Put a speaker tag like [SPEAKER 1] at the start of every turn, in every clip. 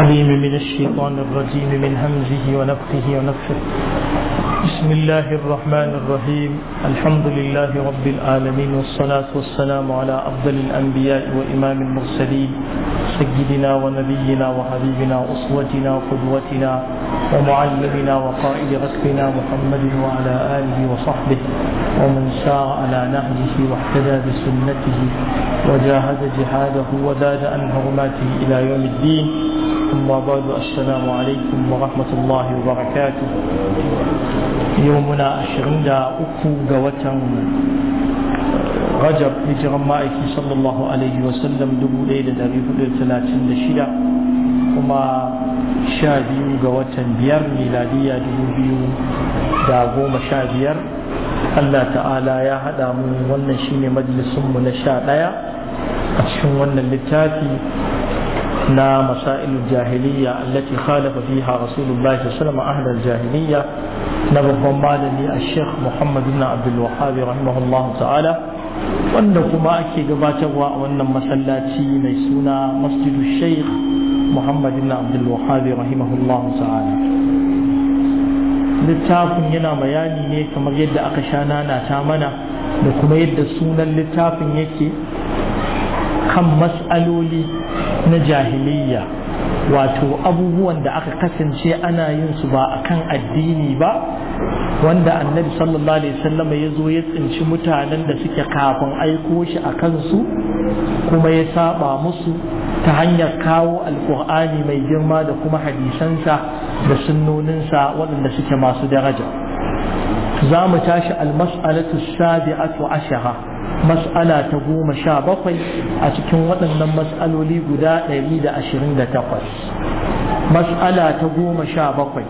[SPEAKER 1] أليم من الشيطان الرجيم من همزه ونفخه ونفخه بسم الله الرحمن الرحيم الحمد لله رب العالمين والصلاة والسلام على أفضل الأنبياء وإمام المرسلين سيدنا ونبينا وحبيبنا وأسوتنا وقدوتنا ومعلمنا وقائد غسلنا محمد وعلى آله وصحبه ومن سار على نهجه واحتدى بسنته وجاهد جهاده وزاد عن حرماته إلى يوم الدين أما بعد السلام عليكم ورحمة الله وبركاته يومنا عشرين دا أكو قوة رجب هجر مائك صلى الله عليه وسلم دبو ليلة دريب الثلاثين دشدة وما شابيو قوة بير ميلادية دبو بيو دا قوم شابير Allah ta'ala ya haɗa mu wannan shine majalisunmu na sha ɗaya a cikin wannan littafi Na masa'il الجاهلية التي خالف فيها رسول الله صلى الله عليه وسلم أهل الجاهلية نبقى مالني الشيخ محمد بن wanda kuma ake gabatarwa a wannan masallaci mai suna masjidu sheikh muhammad ibn abdul littafin yana bayani ne kamar yadda aka sha nana ta mana da kuma yadda sunan littafin yake kan mas'aloli na jahiliya wato abubuwan da aka kasance ana yin su ba akan addini ba wanda annabi sallallahu alaihi wasallam ya zo ya tsinci mutanen da suke kafin aiko shi a kansu kuma ya saba musu ta hanyar kawo alkur'ani mai girma da kuma hadisansa da sunnoninsa waɗanda suke masu daraja za mu tashi almas'alatu sabi'atu ashara mas'ala ta goma sha bakwai a cikin waɗannan mas'aloli guda ɗari da ashirin da takwas mas'ala ta goma sha bakwai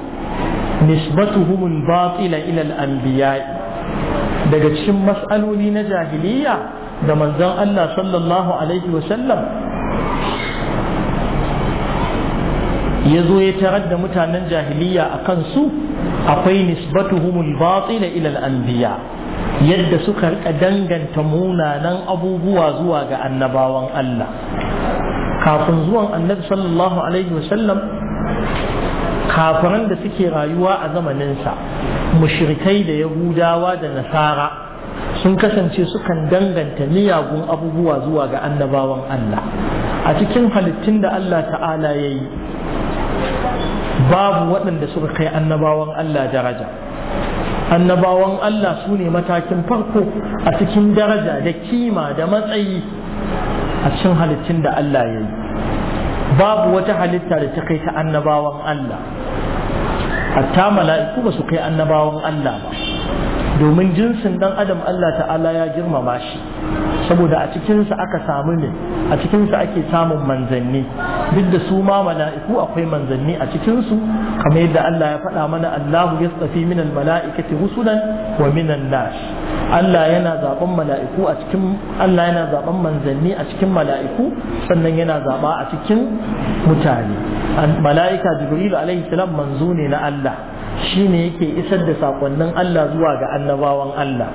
[SPEAKER 1] nisbatuhumul batila ila al-anbiya daga cikin mas'aloli na jahiliya da manzon Allah sallallahu alaihi wa sallam ya zo ya tarar da mutanen jahiliya a kansu akwai nisbatuhumul batila ila al-anbiya yadda suka rika danganta munanan abubuwa zuwa ga annabawan Allah kafin zuwan annabi sallallahu alaihi wasallam kafiran da suke rayuwa a zamaninsa mushrikai da yahudawa da nasara sun kasance sukan danganta miyagun abubuwa zuwa ga annabawan Allah a cikin halittun da Allah ta'ala ya yi babu waɗanda suka kai annabawan Allah daraja annabawan Allah su ne matakin farko a cikin daraja da kima da matsayi a cikin halittun da Allah ya yi babu wata halitta da ta kai ta annabawan Allah hatta mala'iku ba su kai annabawan Allah ba domin jinsin dan adam Allah ta'ala ya girmama shi saboda a cikinsa aka samu ne a cikinsa ake samun manzanni duk da su ma mala'iku akwai manzanni a cikinsu kamar yadda Allah ya faɗa mana Allahu ya tsafi minan mala'ikati rusulan wa minan nash Allah yana zaben mala'iku a cikin Allah yana zaban manzanni a cikin mala'iku sannan yana zaba a cikin mutane mala'ika Jibril alaihi salam manzo ne na Allah shine yake isar da sakonnin Allah zuwa ga annabawan Allah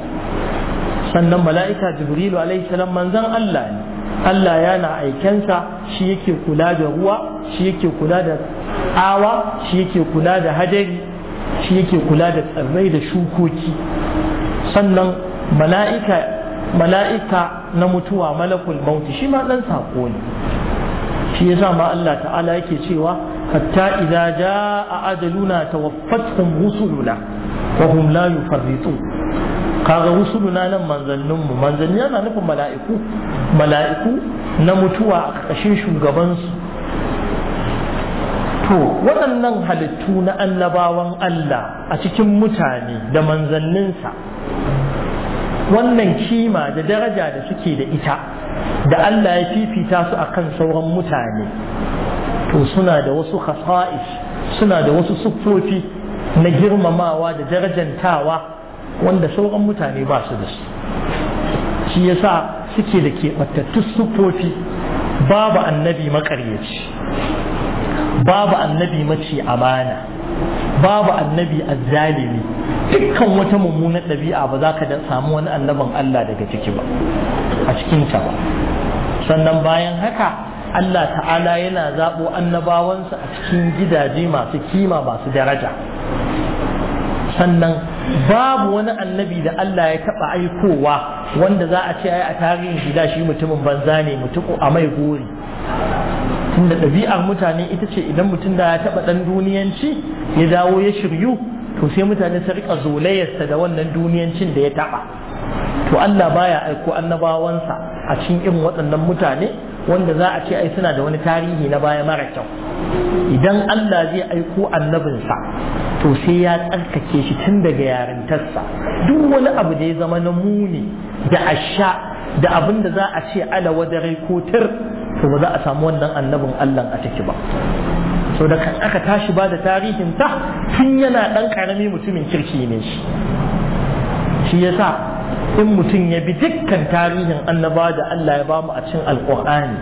[SPEAKER 1] sannan mala'ika jibrilu alaihi salam manzon Allah ne Allah yana aikensa shi yake kula da ruwa shi yake kula da awa shi yake kula da hadari shi yake kula da tsirrai da shukoki sannan mala'ika mala'ika na mutuwa malakul mauti shi ma dan saƙo ne shi yasa ma Allah ta'ala yake cewa hatta idza jaa ajaluna tawaffathum rusuluna wa hum la yufarritun kaga rusuluna nan mu manzanni yana nufin mala'iku mala'iku na mutuwa a ƙarƙashin shugabansu to waɗannan halittu na annabawan Allah a cikin mutane da manzanninsa wannan kima da daraja da suke da ita da Allah ya fifita su akan sauran mutane to suna da wasu khasa'is suna da wasu siffofi na girmamawa da darajantawa wanda sauran mutane ba su da su shi sa suke da keɓattattun siffofi babu annabi makaryaci babu annabi mace amana babu annabi azzalimi dukkan wata mummunar ɗabi'a ba za ka samu wani annabin Allah daga ciki ba a cikinta ba sannan bayan haka Allah ta'ala yana zaɓo annabawansa a cikin gidaje masu kima masu daraja sannan babu wani annabi da Allah ya taɓa aikowa wanda za a ce ai a tarihin gida shi mutumin banza ne mutum a mai gori tunda ɗabi'ar mutane ita ce idan mutum da ya taɓa ɗan duniyanci ya dawo ya shiryu to sai mutane su riƙa zolayarsa da wannan duniyancin da ya taɓa to Allah baya aiko annabawansa a cikin irin waɗannan mutane wanda za a ce ai suna da wani tarihi na baya mara kyau idan Allah zai aiko annabinsa to sai ya tsarkake shi tun daga yarintarsa duk wani abu da ya zama na muni da asha da abin da za a ce ala wadarai ko tir to ba za a samu wannan annabin Allah a ciki ba to da aka tashi ba da tarihin ta tun yana ɗan karami mutumin kirki ne shi shi yasa in mutum ya bi dukkan tarihin annaba da Allah ya bamu a cikin alƙur'ani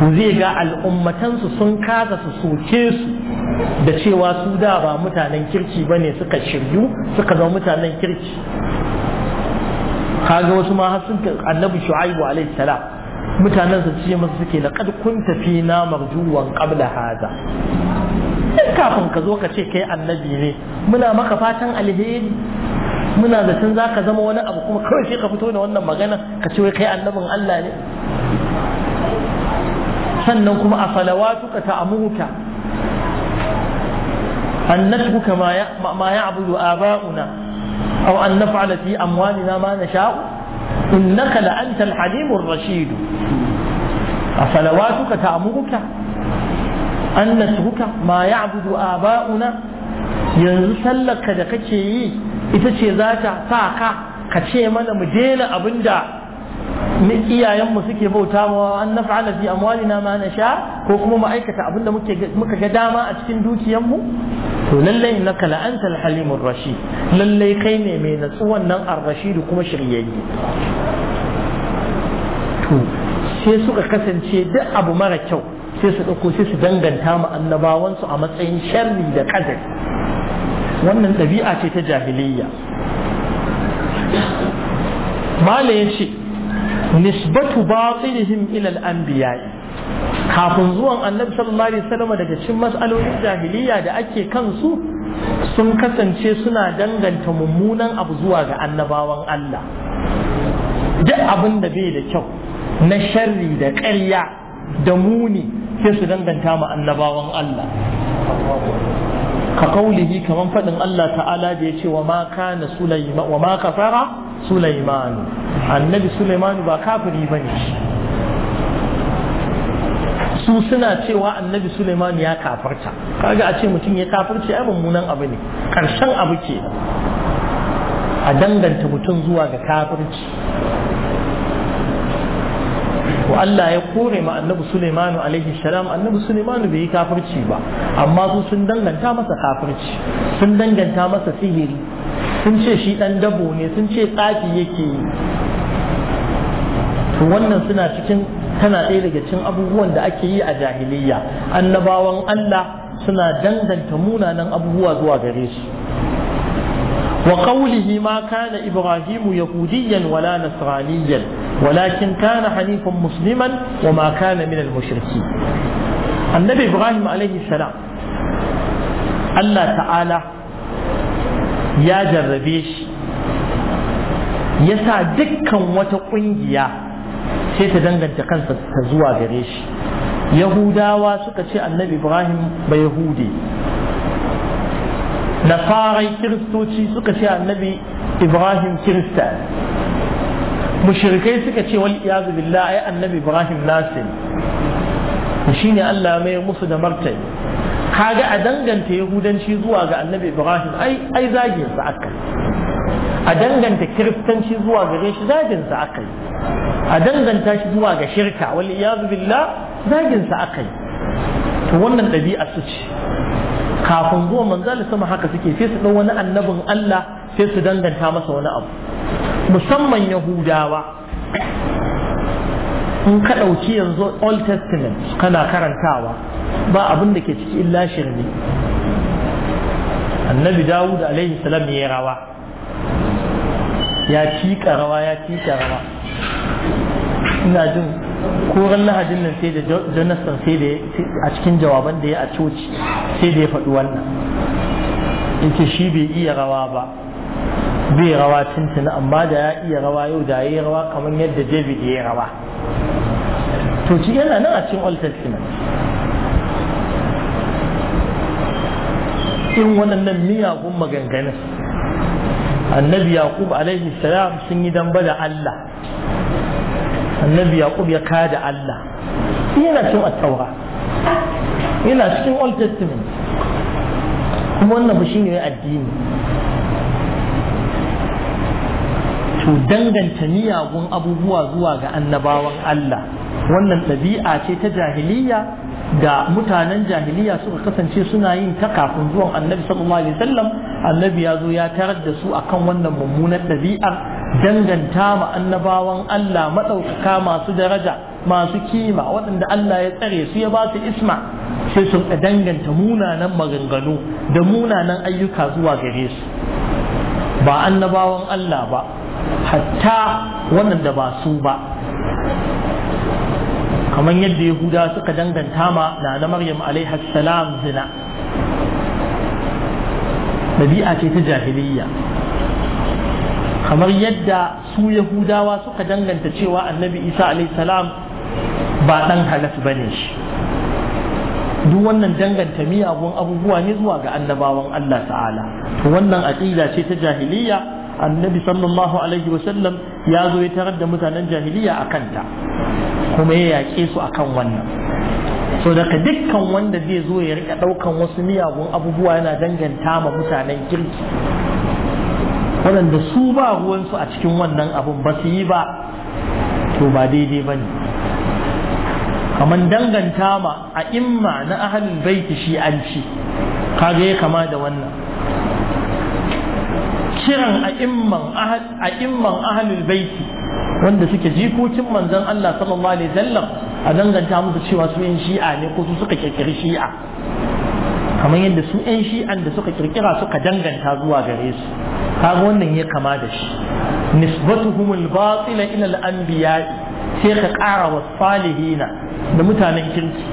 [SPEAKER 1] to zai ga al'ummatansu sun kasa su soke su da cewa su da ba mutanen kirki ba ne suka shiryu suka zama mutanen kirki kaga wasu ma har sun annabi shu'aibu alaihi salam mutanen su ce masa suke laqad kunta fi na marjuwan qabla hada kafin ka zo ka ce kai annabi ne muna maka fatan alheri muna zaton za ka zama wani abu kuma kawai sai ka fito da wannan magana ka ce wai kai annabin Allah ne sannan kuma a salawatu salawatuka ta'amuka an nasbuka ma ya abudu aba'una aw an naf'ala fi amwalina ma nasha'u innaka la antal halimur rashid a salawatuka ta'amuka an nasbuka ma ya'budu aba'una yanzu sallarka da kake yi ita ce za ta sa ka ka ce mana mu daina abin da iyayenmu suke bauta wa an naf'ala fi na ma sha ko kuma mu aikata abin da muka ga dama a cikin dukiyanmu to lallai innaka la anta al-halimur rashid lallai kai ne mai natsuwan nan ar-rashid kuma shiryayye to sai suka kasance duk abu mara kyau sai su ɗauko sai su danganta mu annabawansu a matsayin sharri da kadari wannan ɗabi'a ce ta jahiliyya malam ya ce nisbatu batilihim ilal anbiya'i kafin zuwan annabi sallallahu alaihi wasallam daga cikin mas'alolin jahiliya da ake kansu sun kasance suna danganta mummunan abu zuwa ga annabawan Allah duk abin da bai da kyau na sharri da ƙarya da muni sai su danganta ma annabawan Allah ka kaulihi kaman fadin Allah ta'ala da ya ce wa ma kana sulaiman wa ma kafara sulaiman annabi ba kafiri bane su suna cewa annabi sulaiman ya kafarta kaga a ce mutum ya kafarta ai mummunan abu ne karshen abu ke a danganta mutum zuwa ga kafirci to Allah ya kore ma annabi Sulaimanu alaihi salam annabi Sulaimanu bai yi kafirci ba amma su sun danganta masa kafirci sun danganta masa sihiri sun ce shi dan dabo ne sun ce tsaki yake yi to wannan suna cikin tana ɗaya daga cikin abubuwan da ake yi a jahiliyya annabawan Allah suna danganta munanan abubuwa zuwa gare shi qawlihi ma kana Ibrahimu Yahudiyan wala نصرانيا walakin kana hanifan musliman wa maka kana min al-mushriki annabi ibrahim alaihi salam Allah ta'ala ya jarrabe shi ya sa dukkan wata ƙungiya sai ta danganta kansa ta zuwa gare shi yahudawa suka ce annabi ibrahim ba yahudi nasarai kiristoci suka ce annabi ibrahim kirista mushrikai suka ce wal iyazu billah ai annabi ibrahim nasin shine Allah mai musu da martani kaga a danganta yahudanci zuwa ga annabi ibrahim ai ai zagin sa aka a danganta kiristanci zuwa gare shi zagin sa aka a danganta shi zuwa ga shirka wal iyazu billah zagin sa aka to wannan ɗabi'a su ce kafin zuwa manzali sama haka suke sai su ɗau wani annabin Allah sai su danganta masa wani abu musamman yahudawa in ka ɗauki yanzu old testament kana karantawa ba abin da ke ciki illa shirme annabi dawud alaihi salam ya rawa ya cika rawa ya cika rawa ina jin ran lahadin nan sai da jonathan sai da a cikin jawaban da ya a coci sai da ya faɗi wannan yake shi bai iya rawa ba bai rawa tuntun amma da ya iya rawa yau da ya yi rawa kamar yadda david ya yi rawa to ci yana nan a cikin old testament in waɗannan miyagun maganganun annabi yaqub alaihi salam sun yi damba da allah annabi yaqub ya kada allah yana cikin attaura yana cikin old testament kuma wannan ba shine addini to danganta miyagun abubuwa zuwa ga annabawan Allah wannan ɗabi'a ce ta jahiliya da mutanen jahiliya suka kasance suna yin ta kafin zuwan annabi sallallahu alaihi wasallam annabi ya zo ya tarar da su akan wannan mummunar ɗabi'ar danganta ma annabawan Allah maɗaukaka masu daraja masu kima waɗanda Allah ya tsare su ya ba su isma sai sun danganta munanan maganganu da munanan ayyuka zuwa gare su ba annabawan Allah ba hatta wannan da ba su ba kamar yadda yahuda suka danganta ma na na maryam alaihi salam zina ɗabi'a ce ta jahiliyya kamar yadda su yahudawa suka danganta cewa annabi isa alaihi salam ba ɗan halas ba ne shi duk wannan danganta miyagun abubuwa ne zuwa ga annabawan allah ta'ala wannan aƙida ce ta jahiliyya annabi sallallahu alaihi wasallam ya zo ya tarar da mutanen jahiliya a kanta kuma ya yaƙe su akan wannan so daga dukkan wanda zai zo ya rika ɗaukan wasu miyagun abubuwa yana danganta ma mutanen kirki waɗanda su ba ruwansu a cikin wannan abun ba su yi ba to ba daidai ba ne kamar danganta ma a imma na ahalin baiti shi an ci kaga ya kama da wannan kiran a'imman ahalul baiti wanda suke jikokin manzon Allah sallallahu alaihi wasallam a danganta musu cewa su yan shi'a ne ko su suka kirkiri shi'a kamar yadda su yan shi'an da suka kirkira suka danganta zuwa gare su kaga wannan ya kama da shi nisbatuhumul batila ila al-anbiya'i sai ka ƙara wa salihina da mutanen kirki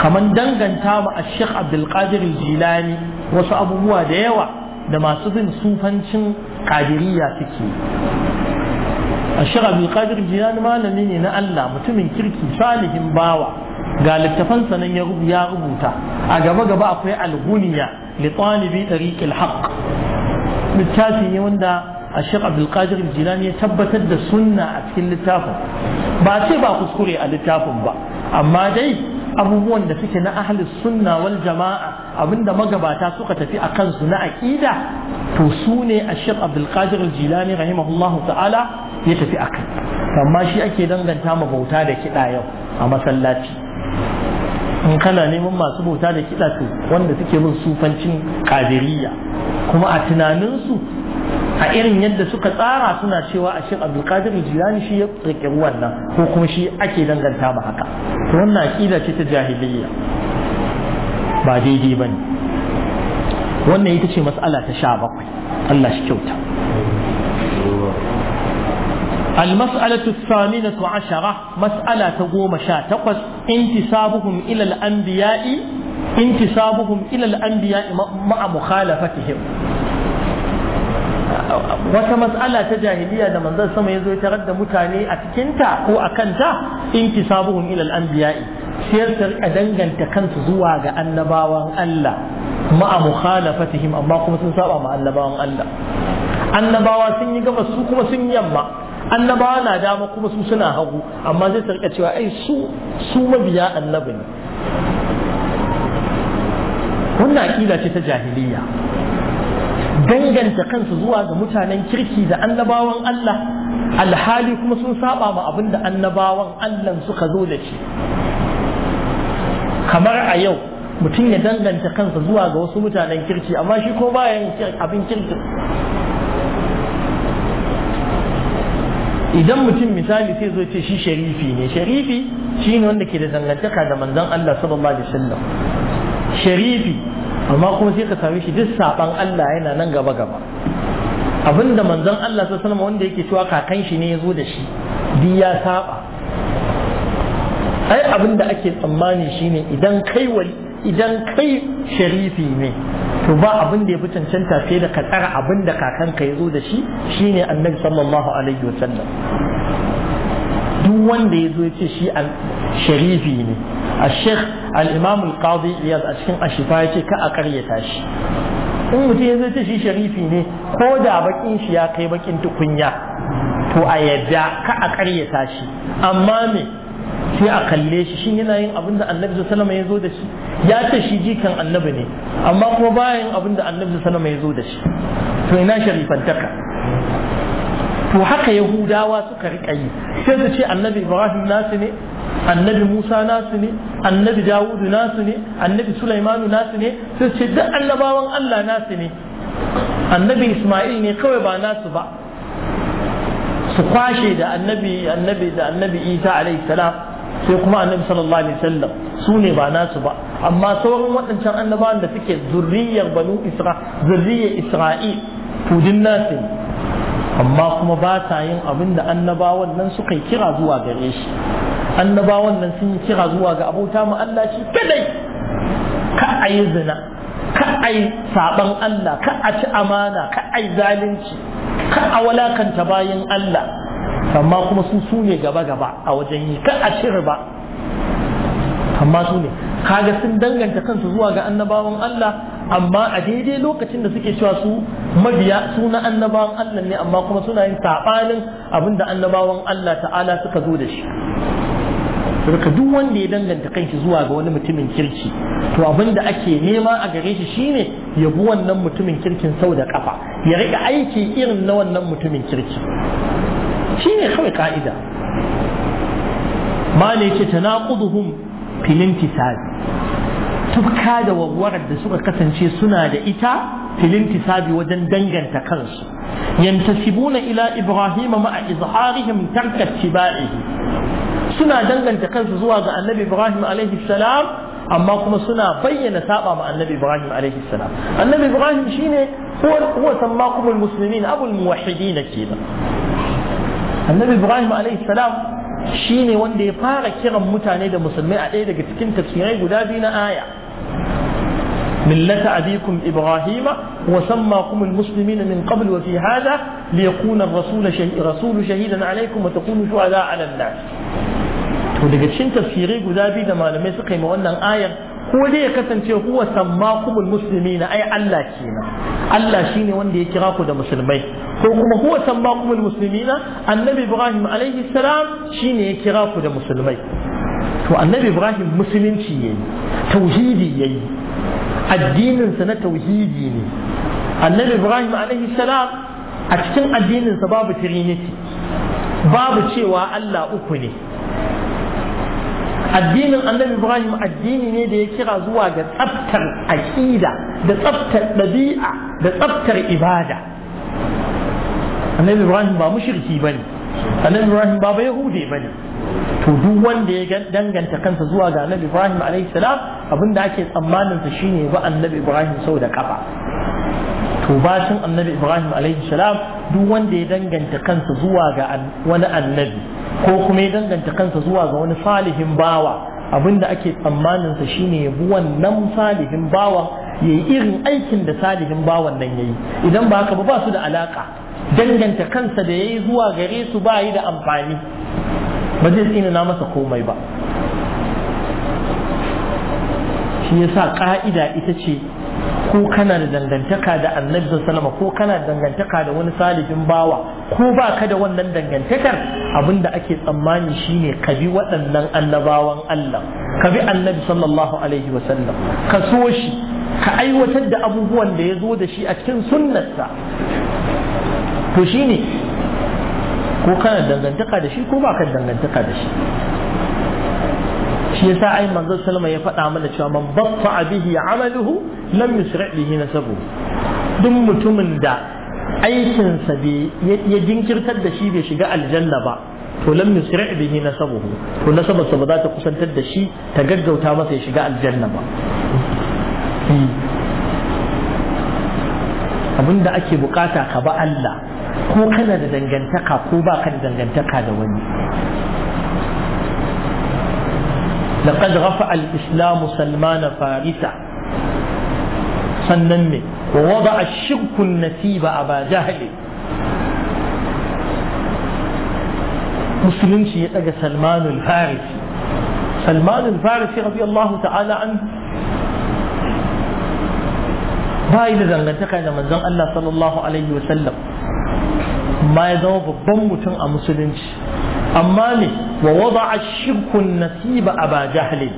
[SPEAKER 1] kamar danganta ma a sheikh abdulkadir jilani wasu abubuwa da yawa da masu bin sufancin kadiriya suke a shirabi kadir jiyani malami ne na Allah mutumin kirki salihin bawa ga littafansa nan ya rubuta a gaba gaba akwai alguniya li littafi ne wanda a shek abdulkadir jilani ya tabbatar da sunna a cikin littafin ba ce ba kuskure a littafin ba amma dai abubuwan da suke na ahli sunna wal jama'a abinda magabata suka tafi a kansu na aƙida to su ne a shek abdulkadir jilani rahimahullahu ta'ala ya tafi a kai amma shi ake danganta ma bauta da kiɗa yau a masallaci in kana neman masu bauta da kiɗa to wanda suke bin sufancin kadiriyya kuma a tunaninsu a irin yadda suka tsara suna cewa a shek abdulkadir jilani shi ya kirkiri wannan ko kuma shi ake danganta ma haka wannan aqida ce ta jahiliya. ba daidai ba ne. wannan ita ce mas'ala ta sha bakwai Allah shi kyauta المسألة الثامنة عشرة مسألة تقوم شاتقس انتسابهم إلى الأنبياء انتسابهم إلى الأنبياء مع مخالفتهم wata matsala ta jahiliya da manzon sama ya zo ya tarar da mutane a cikinta ko a kanta in sabuhun ilal anbiya'i sai su rika danganta kansu zuwa ga annabawan Allah ma'a mukhalafatihim amma kuma sun saba ma annabawan Allah annabawa sun yi gaba su kuma sun yamma annabawa na dama kuma su suna hagu amma zai tarka cewa ai su su mabiya annabi ne wannan aqida ce ta jahiliya danganta kansu zuwa ga mutanen kirki da annabawan Allah alhali kuma sun saba ma abin da annabawan Allah suka zo da shi kamar a yau mutum ya danganta kansa zuwa ga wasu mutanen kirki amma shi ko bayan abin kirki idan mutum misali sai zo ce shi sharifi ne sharifi shine wanda ke da dangantaka da manzon Allah sallallahu alaihi wasallam sharifi amma kuma sai ka same shi duk saban Allah yana nan gaba gaba abinda manzon Allah sallallahu alaihi wanda yake cewa kakan shi ne ya zo da shi duk ya saba ai abinda ake tsammani shine idan kai wali idan kai sharifi ne to ba abin da ya fi cancanta sai da ka tsara abin da kakanka ya zo da shi shine annabi sallallahu alaihi wasallam duk wanda ya zo ya ce shi sharifi ne الشيخ الإمام القاضي إياد أشكين أشفايتي كأقرية تاشي in mutum ya zai shi sharifi ne ko da bakin shi ya kai bakin tukunya to a yadda ka a karyata shi amma me sai a kalle shi shin yana yin abin da annabi sallama ya zo da shi ya ce shi jikan annabi ne amma kuma bayan abin da annabi sallama ya zo da shi to ina sharifantaka to haka yahudawa suka riƙa yi sai su ce annabi ibrahim nasu ne annabi musa nasu ne annabi dawudu nasu ne annabi sulaimanu nasu ne sai ce duk annabawan allah nasu ne annabi isma'il ne kawai ba nasu ba su kwashe da annabi annabi da annabi isa alaihi salam sai kuma annabi sallallahu alaihi wasallam su ne ba nasu ba amma sauran waɗancan annabawan da suke zurriyar banu isra zurriyar isra'il to din nasu ne amma kuma ba ta yin abin da annabawan nan suka kira zuwa gare shi annabawan nan sun yi kira zuwa ga abota mu Allah shi kadai ka ayi zina ka ayi saban Allah ka a ci amana ka ayi zalunci ka a walakanta bayin Allah amma kuma su su ne gaba gaba a wajen yi ka a ci riba amma su ne kaga sun danganta kansu zuwa ga annabawan Allah amma a daidai lokacin da suke cewa su mabiya suna annabawan Allah ne amma kuma suna yin sabanin abinda annabawan Allah ta'ala suka zo da shi saboda duk wanda ya danganta kanshi zuwa ga wani mutumin kirki to abin da ake nema a gare shi shine ya bi wannan mutumin kirkin sau da kafa ya rika aiki irin na wannan mutumin kirki shine kawai ka'ida ma ne ce naƙuduhun fil intisab tufka da wawwarar da suka kasance suna da ita في الانتساب ودندن تكرس ينتسبون إلى إبراهيم مع إظهارهم ترك اتباعه سنة دندن تكرس زواج النبي إبراهيم عليه السلام أما كما سنة بين سابا مع النبي إبراهيم عليه السلام النبي إبراهيم شين هو هو سماكم المسلمين أبو الموحدين كذا النبي إبراهيم عليه السلام شين وندي فارك كرم متعنيد مسلمين عليه دكتكين تسميعي قدابين آية ملة أبيكم إبراهيم وسماكم المسلمين من قبل وفي هذا ليكون الرسول شهي رسول شهيدا عليكم وتكونوا شهداء على الناس وده شن تفسيري قد أبي دما يسقي مؤنى الآية هو دي كتن هو سماكم المسلمين أي الله كينا الله شيني وان كراكو دا مسلمي هو سماكم المسلمين النبي إبراهيم عليه السلام شيني كراكو دا مسلمي تو النبي إبراهيم مسلم شيني توحيدي addininsa na tauhidi ne annabi ibrahim alaihi salam a cikin addininsa babu trinity babu cewa allah uku ne addinin annabi ibrahim addini ne da ya kira zuwa ga tsabtar aƙida da tsabtar ɗabi'a da tsabtar ibada annabi ibrahim ba mushirki ba ne annabi ibrahim ba ba yahude ba ne to duk wanda ya danganta kansa zuwa ga annabi ibrahim alaihi salam abinda ake tsammanin sa shine ba annabi ibrahim sau da kafa to bashin annabi ibrahim alaihi salam duk wanda ya danganta kansa zuwa ga wani annabi ko kuma ya danganta kansa zuwa ga wani salihin bawa abinda ake tsammanin sa shine ya bi wannan salihin bawa yayi irin aikin da salihin bawan nan yayi idan ba haka ba ba su da alaka danganta kansa da yayi zuwa gare su ba yi da amfani ba zai tsina na masa komai ba shi yasa ka'ida ita ce ko kana da dangantaka da annabi sallama ko kana da dangantaka da wani salihin bawa ko ba ka da wannan dangantakar da ake tsammani shine ka bi waɗannan annabawan Allah ka bi annabi sallallahu alaihi sallam. ka so shi ka aiwatar da abubuwan da ya zo da shi a cikin sunnarsa to shine ko kana dangantaka da shi ko ba ka dangantaka da shi shi yasa ai manzon salama ya faɗa mana cewa man baffa bihi amaluhu lam yusra bihi nasabu duk mutumin da aikinsa ya jinkirtar da shi bai shiga aljanna ba to lam yusra bihi nasabuhu to nasabarsa ba za ta kusantar da shi ta gaggauta masa ya shiga aljanna ba hmm. abinda ake bukata ka ba Allah ko kana da dangantaka ko ba ka da dangantaka da wani لقد رفع الإسلام سلمان فارسا سنن ووضع الشرك النسيب أبا جهل مسلم شيء سلمان الفارس سلمان الفارس رضي الله تعالى عنه بايد زنغتك أنا من زن الله صلى الله عليه وسلم amma ya zama babban mutum a musulunci amma ne wa wada a shirkun nasiba a ba jahali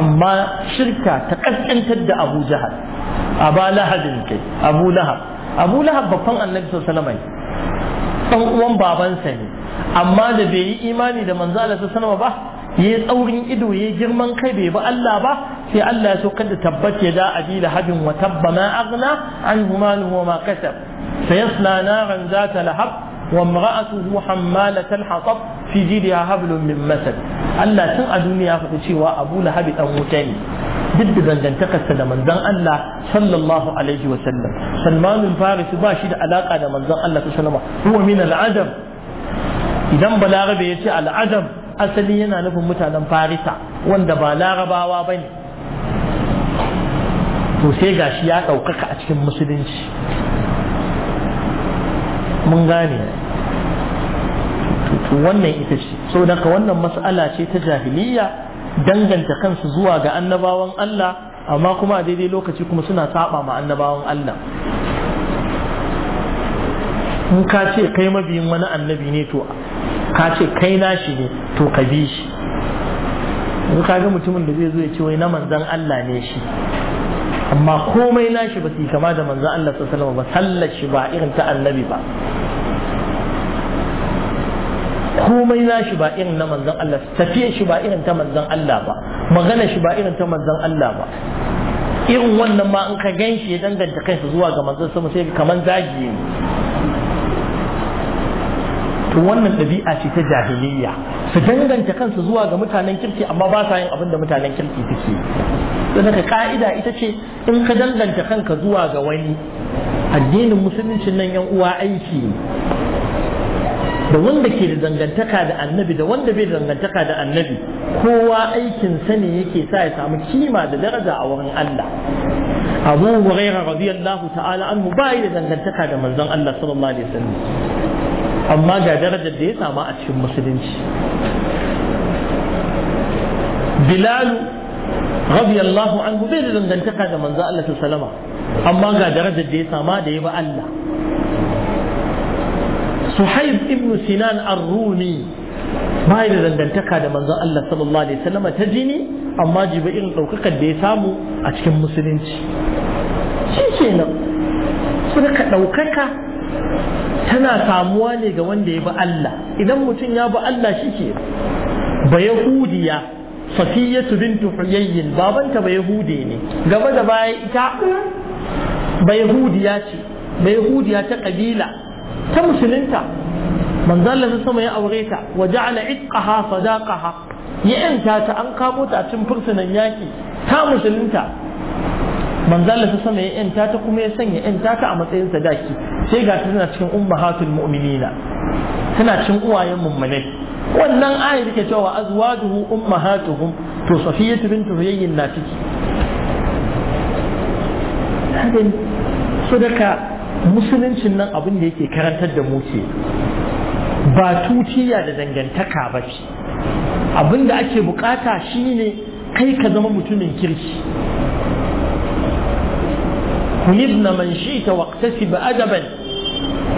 [SPEAKER 1] amma shirka ta kaskantar da abu jahal a ba lahadin kai abu lahab abu lahab babban annabi sallallahu alaihi dan uwan babansa ne amma da bai yi imani da manzo Allah sallallahu ba ya yi tsaurin ido ya yi girman kai bai bi Allah ba sai Allah ya so kada tabbace da abi lahabin wa tabba ma aghna an huma wa ma kasab sayasla naran zata lahab wa imra'atuhu hammalatal hatab fi jidha hablum min masad Allah tun a duniya faɗi cewa Abu Lahab dan wuta ne duk da dangantakarsa da manzon Allah sallallahu alaihi wa sallam Salman al-Faris ba shi da alaka da manzon Allah sallallahu alaihi wa sallam idan balarabe ya ce al'adam asali yana nufin mutanen farisa wanda ba larabawa ba ne to sai gashi ya ɗaukaka a cikin musulunci mun gane wannan ita ce saboda ka wannan mas'ala ce ta jahiliya danganta kansu zuwa ga annabawan Allah amma kuma a daidai lokaci kuma suna saba ma annabawan Allah in ka ce kai mabiyin wani annabi ne to ka ce kai nashi ne to ka bi shi in ka ga mutumin da zai zo ya ce wai na manzan Allah ne shi amma komai nashi ba su kama da manzan Allah sallallahu alaihi ba sallar shi ba irin ta annabi ba komai nashi ba irin na manzan Allah tafiyar shi ba irin ta manzan Allah ba magana shi ba irin ta manzan Allah ba irin wannan ma in ka gan shi ya danganta kansa zuwa ga manzan sama sai kaman zagi ne to wannan ɗabi'a ce ta jahiliya su danganta kansu zuwa ga mutanen kirki amma ba sa yin abin da mutanen kirki suke don haka ka'ida ita ce in ka danganta kanka zuwa ga wani addinin musuluncin nan yan uwa aiki da wanda ke da dangantaka da annabi da wanda bai da dangantaka da annabi kowa aikin sa ne yake sa ya samu kima da daraja a wurin Allah Abu Hurairah radiyallahu ta'ala anhu bai da dangantaka da manzon Allah sallallahu alaihi wasallam amma ga darajar da ya sama a cikin musulunci bilalu radiyallahu anhu bai da dangantaka da manzo Allah sallama amma ga darajar da ya sama da yaba Allah suhaib ibn sinan ar-rumi bai da dangantaka da manzo Allah sallallahu alaihi wasallama ta jini amma jiba irin daukakar da ya samu a cikin musulunci shi kenan suka ɗaukaka tana samuwa ne ga wanda ya bi Allah idan mutum ya bi Allah shi ke ba yahudiya safiyatu bintu huyayyin babanta ba ne gaba da baya ita ba yahudiya ce ba yahudiya ta kabila ta musulunta manzo Allah sama ya aure ta wa ja'ala itqaha sadaqaha ya yanta ta an kamo ta a cikin fursunan yaki ta musulunta manzalla ta sama ya yanta ta kuma ya sanya yanta ta a matsayin sadaki sai ga ta tana cikin ummahatul mu'minina tana cikin uwayen muminai wannan aya ke cewa azwajuhu ummahatuhum to safiyatu bint huyayyin na ciki hadin daga musuluncin nan abin da yake karantar da mu ce ba tutiya da dangantaka ba ce abin da ake bukata shine kai ka zama mutumin kirki خلدن من شئت واكتسب أدبا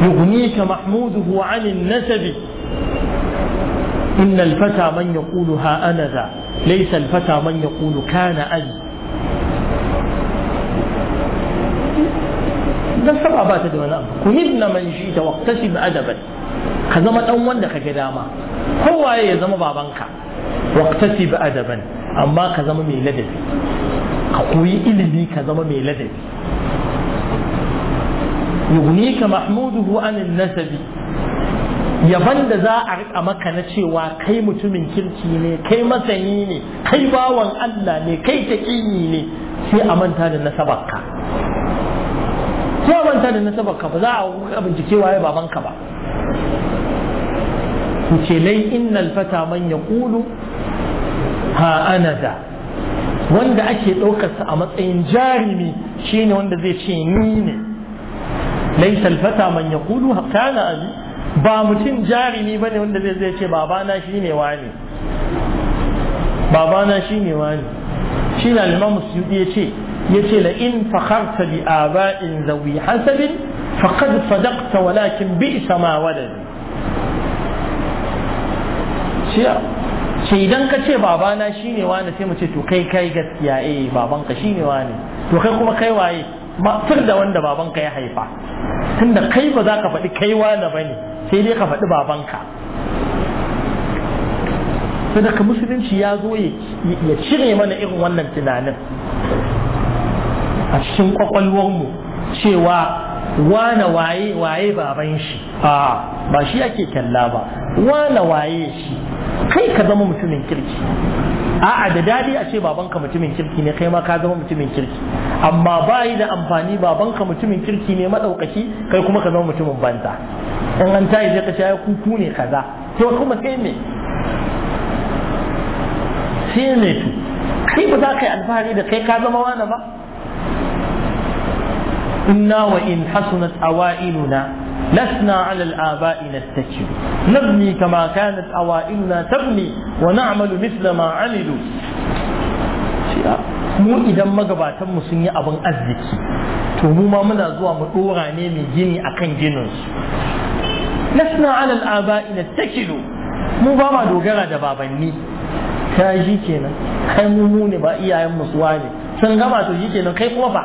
[SPEAKER 1] يغنيك محموده عن النسب إن الفتى من يقول ها أنا ذا ليس الفتى من يقول كان أي ده سبع من شئت واكتسب أدبا كذما تأمون لك كذاما هو أي زما بابنك واقتسب أدبا أما كذما ميلدك أقوي إلمي كذما ميلدك yughnika mahmuduhu anin nasabi yaban da za a riƙa maka na cewa kai mutumin kirki ne kai masani ne kai bawan Allah ne kai
[SPEAKER 2] taqiyi
[SPEAKER 1] ne sai a manta da nasabarka sai a manta da nasabarka ba za a bincike waye babanka ba ku lai innal fata man yaqulu ha ana wanda ake ɗaukarsa a matsayin jarumi shine wanda zai ce ni ne laysa alfata man yaqulu kana abi ba mutum jarimi bane wanda zai zai ce babana shine wani babana shine wani shi na limamu suyudi ya ce ya ce la in fakharta bi aba'in zawi hasabin faqad sadaqta walakin bi'sa ma walad shi idan ka ce babana shine wani sai mu ce to kai kai gaskiya eh babanka shine wani to kai kuma kai waye mafir da wanda babanka ya haifa tunda kai ba za ka faɗi kai wane ba ne sai dai ka faɗi babanka sadaka musulunci ya zo ya cire mana irin wannan tunanin a cikin kwakwalwarmu cewa wane waye waye baban shi a ba shi ake kalla ba wane waye shi kai ka zama mutumin kirki a'a da dadi a ce babanka mutumin kirki ne kai ma ka zama mutumin kirki amma bayi da amfani babanka mutumin kirki ne madaukaki kai kuma ka zama mutumin banza in an tayi zai ka ce kuku ne kaza to kuma sai me sai ne kai ba za ka yi alfahari da kai ka zama wane ba قلنا وإن حسنت أوائلنا لسنا على الآباء نتكل نبني كما كانت أوائلنا تبني ونعمل مثل ما عملوا mu idan magabatanmu sun yi abin arziki to mu ma muna zuwa mu dora ne mai gini akan gininsu lasna alal aba'i na takilu mu ba ma dogara da babanni ta shi kenan kai mu mu ne ba iyayen mu suwa ne sun gama to shi kenan kai kuma ba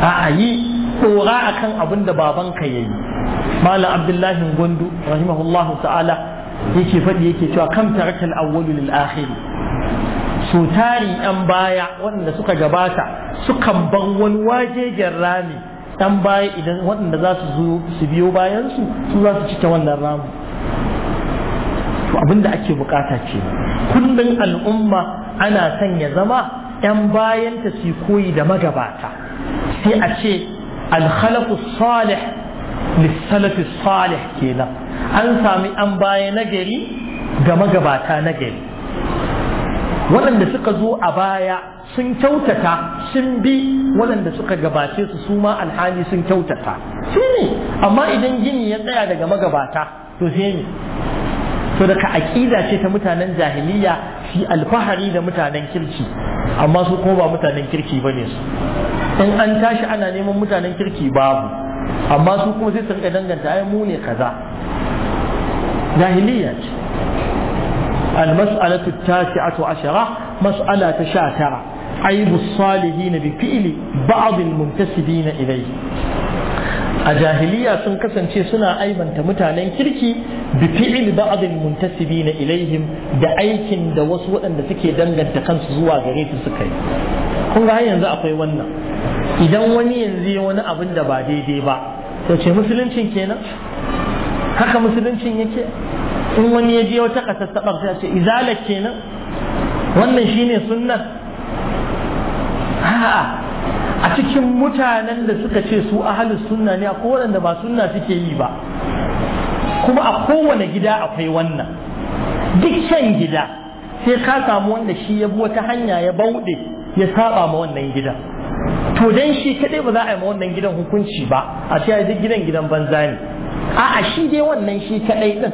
[SPEAKER 1] a yi tsora akan abin da babanka ya yi malam abdullahi gwandu rahimahullahu ta'ala yake faɗi yake cewa kam tarakal awwalu lil akhir so tari yan baya waɗanda suka gabata sukan bar wani wajegen rami ɗan baya idan waɗanda za su zo su biyo bayan su su za su cike wannan ramin. to da ake bukata ce kullum al'umma ana son ya zama yan bayanta su koyi da magabata sai a ce alkhalafu salih lissalafi salih kenan an sami an baya nagari ga magabata nagari waɗanda suka zo a baya sun kyautata sun bi waɗanda suka gabace su su ma alhali sun kyautata shi ne amma idan gini ya tsaya daga magabata to sai ne to daga aƙida ce ta mutanen jahiliya Si alfahari da mutanen kirki amma su kuma ba mutanen kirki ba ne su in an tashi ana neman mutanen kirki babu amma su kuma sai su rika danganta ai mu ne kaza jahiliya ce ta sha tara مسألة تشاترة عيب الصالحين بفعل بعض na إليه a jahiliya sun kasance suna aibanta mutanen kirki bi fi'il ba'd muntasibina ilaihim da aikin da wasu waɗanda suke danganta kansu zuwa gare su suka yi kun ga yanzu akwai wannan idan wani yanzu ya wani abin da ba daidai ba to ce musuluncin kenan haka musuluncin yake in wani ya je wata kasassaɓar sai ce izala kenan wannan shine sunnar a'a a cikin mutanen da suka ce su ahalus sunna ne akwai da ba suna suke yi ba kuma a kowane gida akwai wannan duk shan gida sai ka samu wanda shi ya bi wata hanya ya bauɗe ya saba ma wannan gidan to dan shi kadai ba za a yi ma wannan gidan hukunci ba a ce duk gidan gidan banza ne a'a shi dai wannan shi kadai din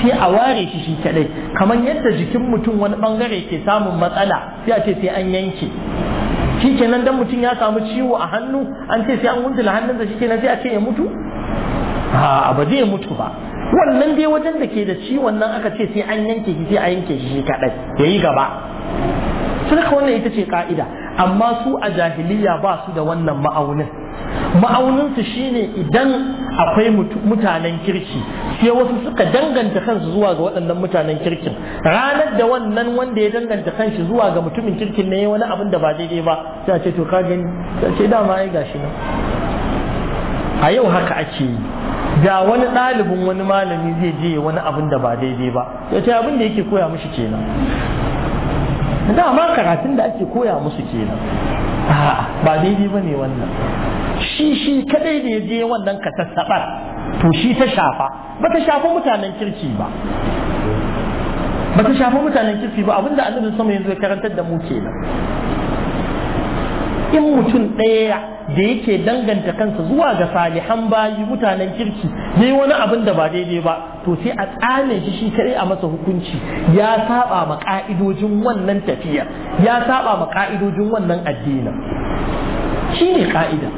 [SPEAKER 1] sai a ware shi shi kadai kamar yadda jikin mutum wani bangare ke samun matsala sai a ce sai an yanke shi kenan dan mutum ya samu ciwo a hannu an ce sai an gundula hannunsa shi kenan sai a ce ya mutu a ba zai mutu ba wannan dai wajen da ke da ciwon nan aka ce sai an yanke shi sai a yanke shi kaɗai ya yi gaba sun wannan ita ce ka'ida amma su a jahiliya ba su da wannan ma'aunin ma'auninsu shine idan akwai mutanen kirki sai wasu suka danganta kansu zuwa ga waɗannan mutanen kirkin ranar da wannan wanda ya danganta kanshi zuwa ga mutumin kirkin ne wani abin da ba daidai ba sai a ce to ka gani sai ce dama ai gashi nan a yau haka ake yi da wani ɗalibin wani malami zai je wani abin da ba daidai ba sai ce abin da yake koya mishi kenan dama karatun da ake koya musu kenan ba daidai ba ne wannan shi shi kadai da ya je wannan ka to shi ta shafa ba ta shafa mutanen kirki ba ba ta shafa mutanen kirki ba abinda annabin sama yanzu ya karantar da mu kenan in mutum ɗaya da yake danganta kansa zuwa ga salihan bayi mutanen kirki yayi wani abin da ba daidai ba to sai a tsane shi shi kadai a masa hukunci ya saba ma ka'idojin wannan tafiya ya saba ma ka'idojin wannan addinin shine ka'ida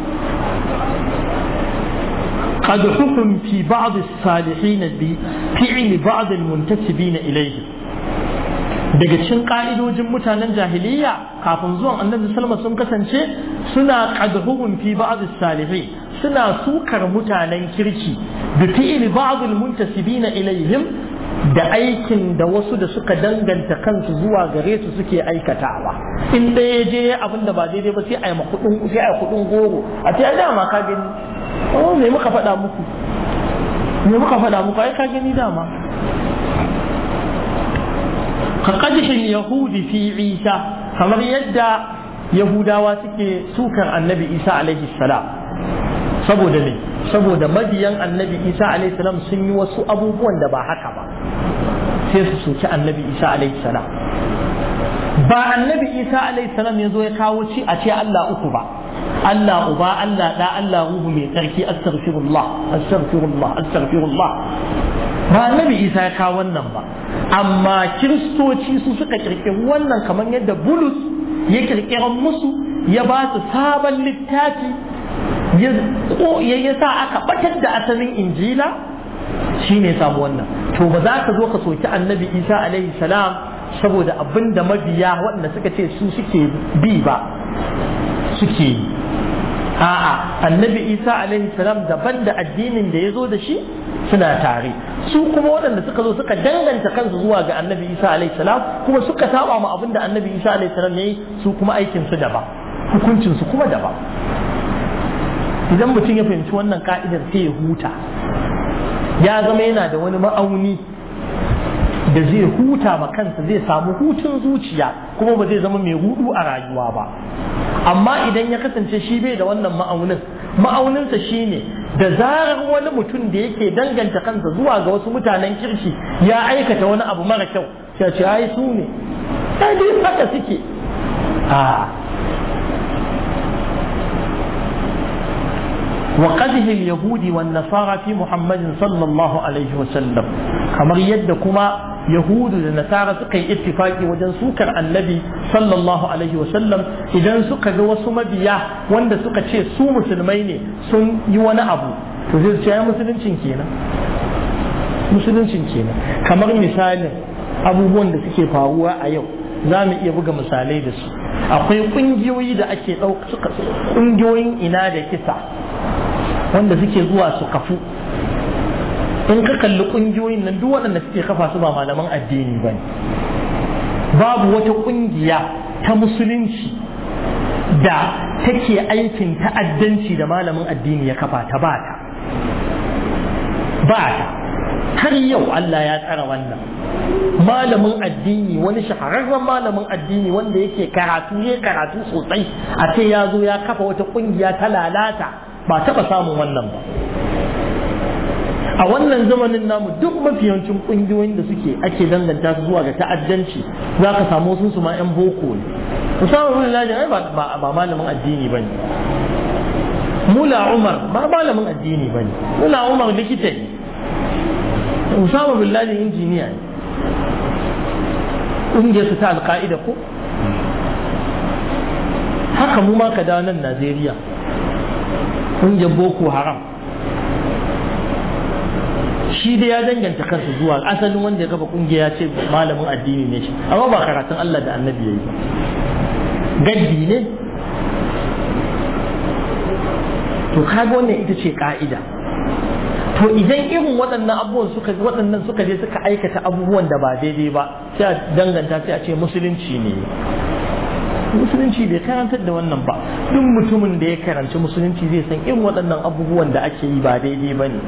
[SPEAKER 1] قد حكم في بعض الصالحين بفعل بعض المنتسبين إليه daga cikin ƙa'idojin mutanen jahiliya kafin zuwan annabi salma sun kasance suna qadhuhum fi ba'd as-salihin suna sukar mutanen kirki bi fi'l ba'd al-muntasibin ilayhim da aikin da wasu da suka danganta kansu zuwa gare su suke aikatawa in da ya je abin da ba daidai ba sai a yi kudin sai a kudin goro a ce dama ka gani oh me muka faɗa muku me muka faɗa muku ai ka gani dama ka qadhi yahudi fi isa kamar yadda yahudawa suke sukar annabi isa alaihi salam saboda ne saboda mabiyan annabi isa alaihi salam sun yi wasu abubuwan da ba haka ba sai su soki annabi isa alaihi salam ba annabi isa alaihi salam ya zo ya kawo ci a ce allah uku ba Allah uba Allah da Allah ruhu mai tsarki astaghfirullah astaghfirullah astaghfirullah ba annabi Isa ya kawo wannan ba amma kiristoci su suka kirkiri wannan kamar yadda bulus ya kirkiran musu ya ba su sabon littafi ya sa aka batar da asalin injila shi ne samu wannan to ba za ka zo ka soki annabi isa alaihi salam saboda abin mabiya waɗanda suka ce su suke bi ba suke a'a annabi isa alaihi salam daban da addinin da ya zo da shi suna tare su kuma waɗanda suka zo suka danganta kansu zuwa ga annabi isa alaihi salam kuma suka saba ma abin da annabi isa alaihi salam yayi su kuma aikin su daban hukuncin kuma daban idan mutum ya fahimci wannan ka'idar sai ya huta ya zama yana da wani ma'auni da zai huta ma kansa zai samu hutun zuciya kuma ba zai zama mai hudu a rayuwa ba amma idan ya kasance shi bai da wannan ma'aunin ma'auninsa shine da zarar wani mutum da yake danganta kansa zuwa ga wasu mutanen kirki ya aikata wani abu mara kyau ya ce ai su ne dai haka suke a وقده اليهود والنصارى في محمد صلى الله عليه وسلم كما يد كما yahudu da nasara suka yi ittifaki wajen sukar annabi sallallahu alaihi wasallam idan suka ga wasu mabiya wanda suka ce su musulmai ne sun yi wani abu to zai ce musuluncin kenan musuluncin kenan kamar misalin abubuwan da suke faruwa a yau za mu iya buga misalai da su akwai ƙungiyoyi da ake ɗauka ƙungiyoyin ina da kisa wanda suke zuwa su kafu in ka kalli ƙungiyoyin nan duk waɗanda suke kafa su ba malaman addini ba ne babu wata ƙungiya ta musulunci da take aikin ta'addanci da malamin addini ya kafa ta ba ta ba ta har yau Allah ya tsara wannan malamin addini wani shahararren malamin addini wanda yake karatu ya karatu sosai a ce ya zo ya kafa wata ƙungiya ta lalata ba taɓa samun wannan
[SPEAKER 2] ba a wannan
[SPEAKER 1] zamanin namu duk mafiyancin kungiyoyin da suke ake danganta su zuwa ga ta'addanci za ka samu sun su ma 'yan boko ne musamman wani lajin ai ba malamin addini ba ne mula umar ba malamin addini ba ne mula umar likita ne usama bin laden injiniya ne ƙungiyar su ta alƙa'ida ko haka mu ma ka dawo nan najeriya ƙungiyar boko haram shi da ya danganta kansa zuwa asalin wanda ya kafa kungiya ce malamin addini ne shi amma ba karatun Allah da annabi yayi ba gaddi ne to kaga wannan ita ce ka'ida to idan irin waɗannan abubuwan suka waɗannan suka je suka aikata abubuwan da ba daidai ba sai a danganta sai a ce musulunci ne musulunci bai karantar da wannan ba duk mutumin da ya karanci musulunci zai san irin waɗannan abubuwan da ake yi ba daidai ba ne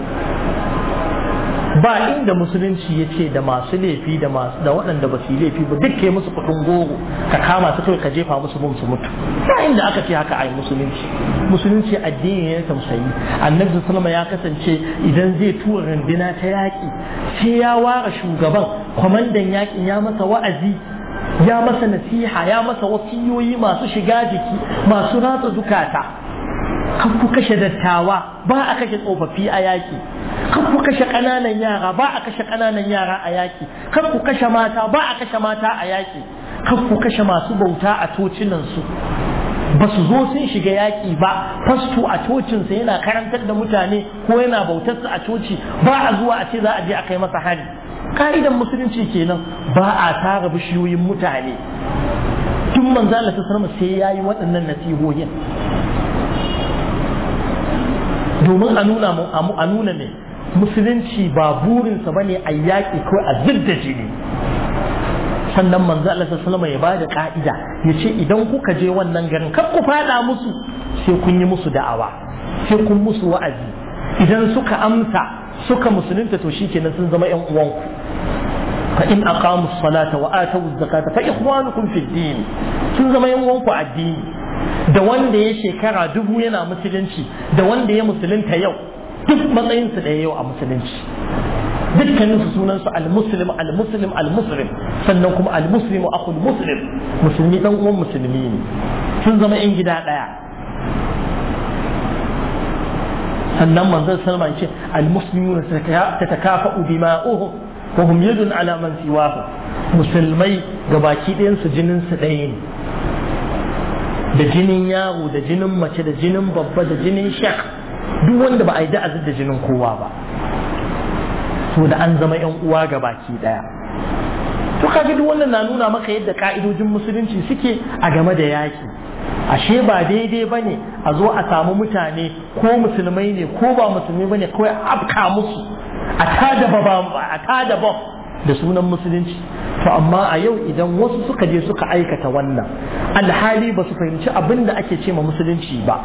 [SPEAKER 1] ba inda musulunci ya ce da masu laifi da masu da waɗanda ba su laifi ba duk kai musu kuɗin goro ka kama su kai ka jefa musu mun su mutu ba inda aka ce haka a musulunci musulunci addini ne tausayi annabi sallama ya kasance idan zai tura rundina ta yaƙi sai ya ware shugaban kwamandan yaƙin ya masa wa'azi ya masa nasiha ya masa wasiyoyi masu shiga jiki masu ratsa zukata kan ku kashe dattawa ba a kashe tsofaffi a yaƙi kar ku kashe ƙananan yara ba a kashe kananan yara a yaƙi kar ku kashe mata ba a kashe mata a yaƙi kar ku kashe masu bauta a su. ba su zo sun shiga yaƙi ba fasto a sa yana karantar da mutane ko yana bautar su a coci ba a zuwa a ce za a je a kai masa hari ka'idan musulunci kenan ba a tara bishiyoyin mutane Tun manzo Allah ta sarma sai yayi waɗannan nasihohin domin a nuna mu a nuna ne musulunci ba burinsa bane a yaƙi ko a zidda jini sannan manzo Allah sallallahu alaihi ya bada ka'ida yace idan kuka je wannan garin kar ku fada musu sai kun yi musu da'awa sai kun musu wa'azi idan suka amsa suka musulunta to shikenan sun zama ƴan uwanku fa in aqamu salata wa atu zakata fa ikhwanukum fi din sun zama ƴan uwanku addini da wanda ya shekara dubu yana musulunci da wanda ya musulunta yau duk matsayinsu ɗaya yau a musulunci dukkaninsu sunansu al-muslim al-muslim al-muslim sannan kuma al-muslimu akul muslim musulmi dan uwan musulmi ne sun zama yan gida ɗaya sannan manzon salma ce al-muslimuna tatakafa'u dima'uhum wa hum yadun ala man siwahu musulmai gabaki ɗayan su jinin su ɗaya ne da jinin yaro da jinin mace da jinin babba da jinin shekh duk wanda ba a yi da da jinin kowa ba to da an zama yan uwa ga baki daya to kaga duk wannan na nuna maka yadda ka'idojin musulunci suke a game da yaki ashe ba daidai ba ne a zo a samu mutane ko musulmai ne ko ba musulmai ba ne kawai afka musu a tada a da sunan musulunci to amma a yau idan wasu suka je suka aikata wannan alhali ba su fahimci abin da ake ce ma musulunci ba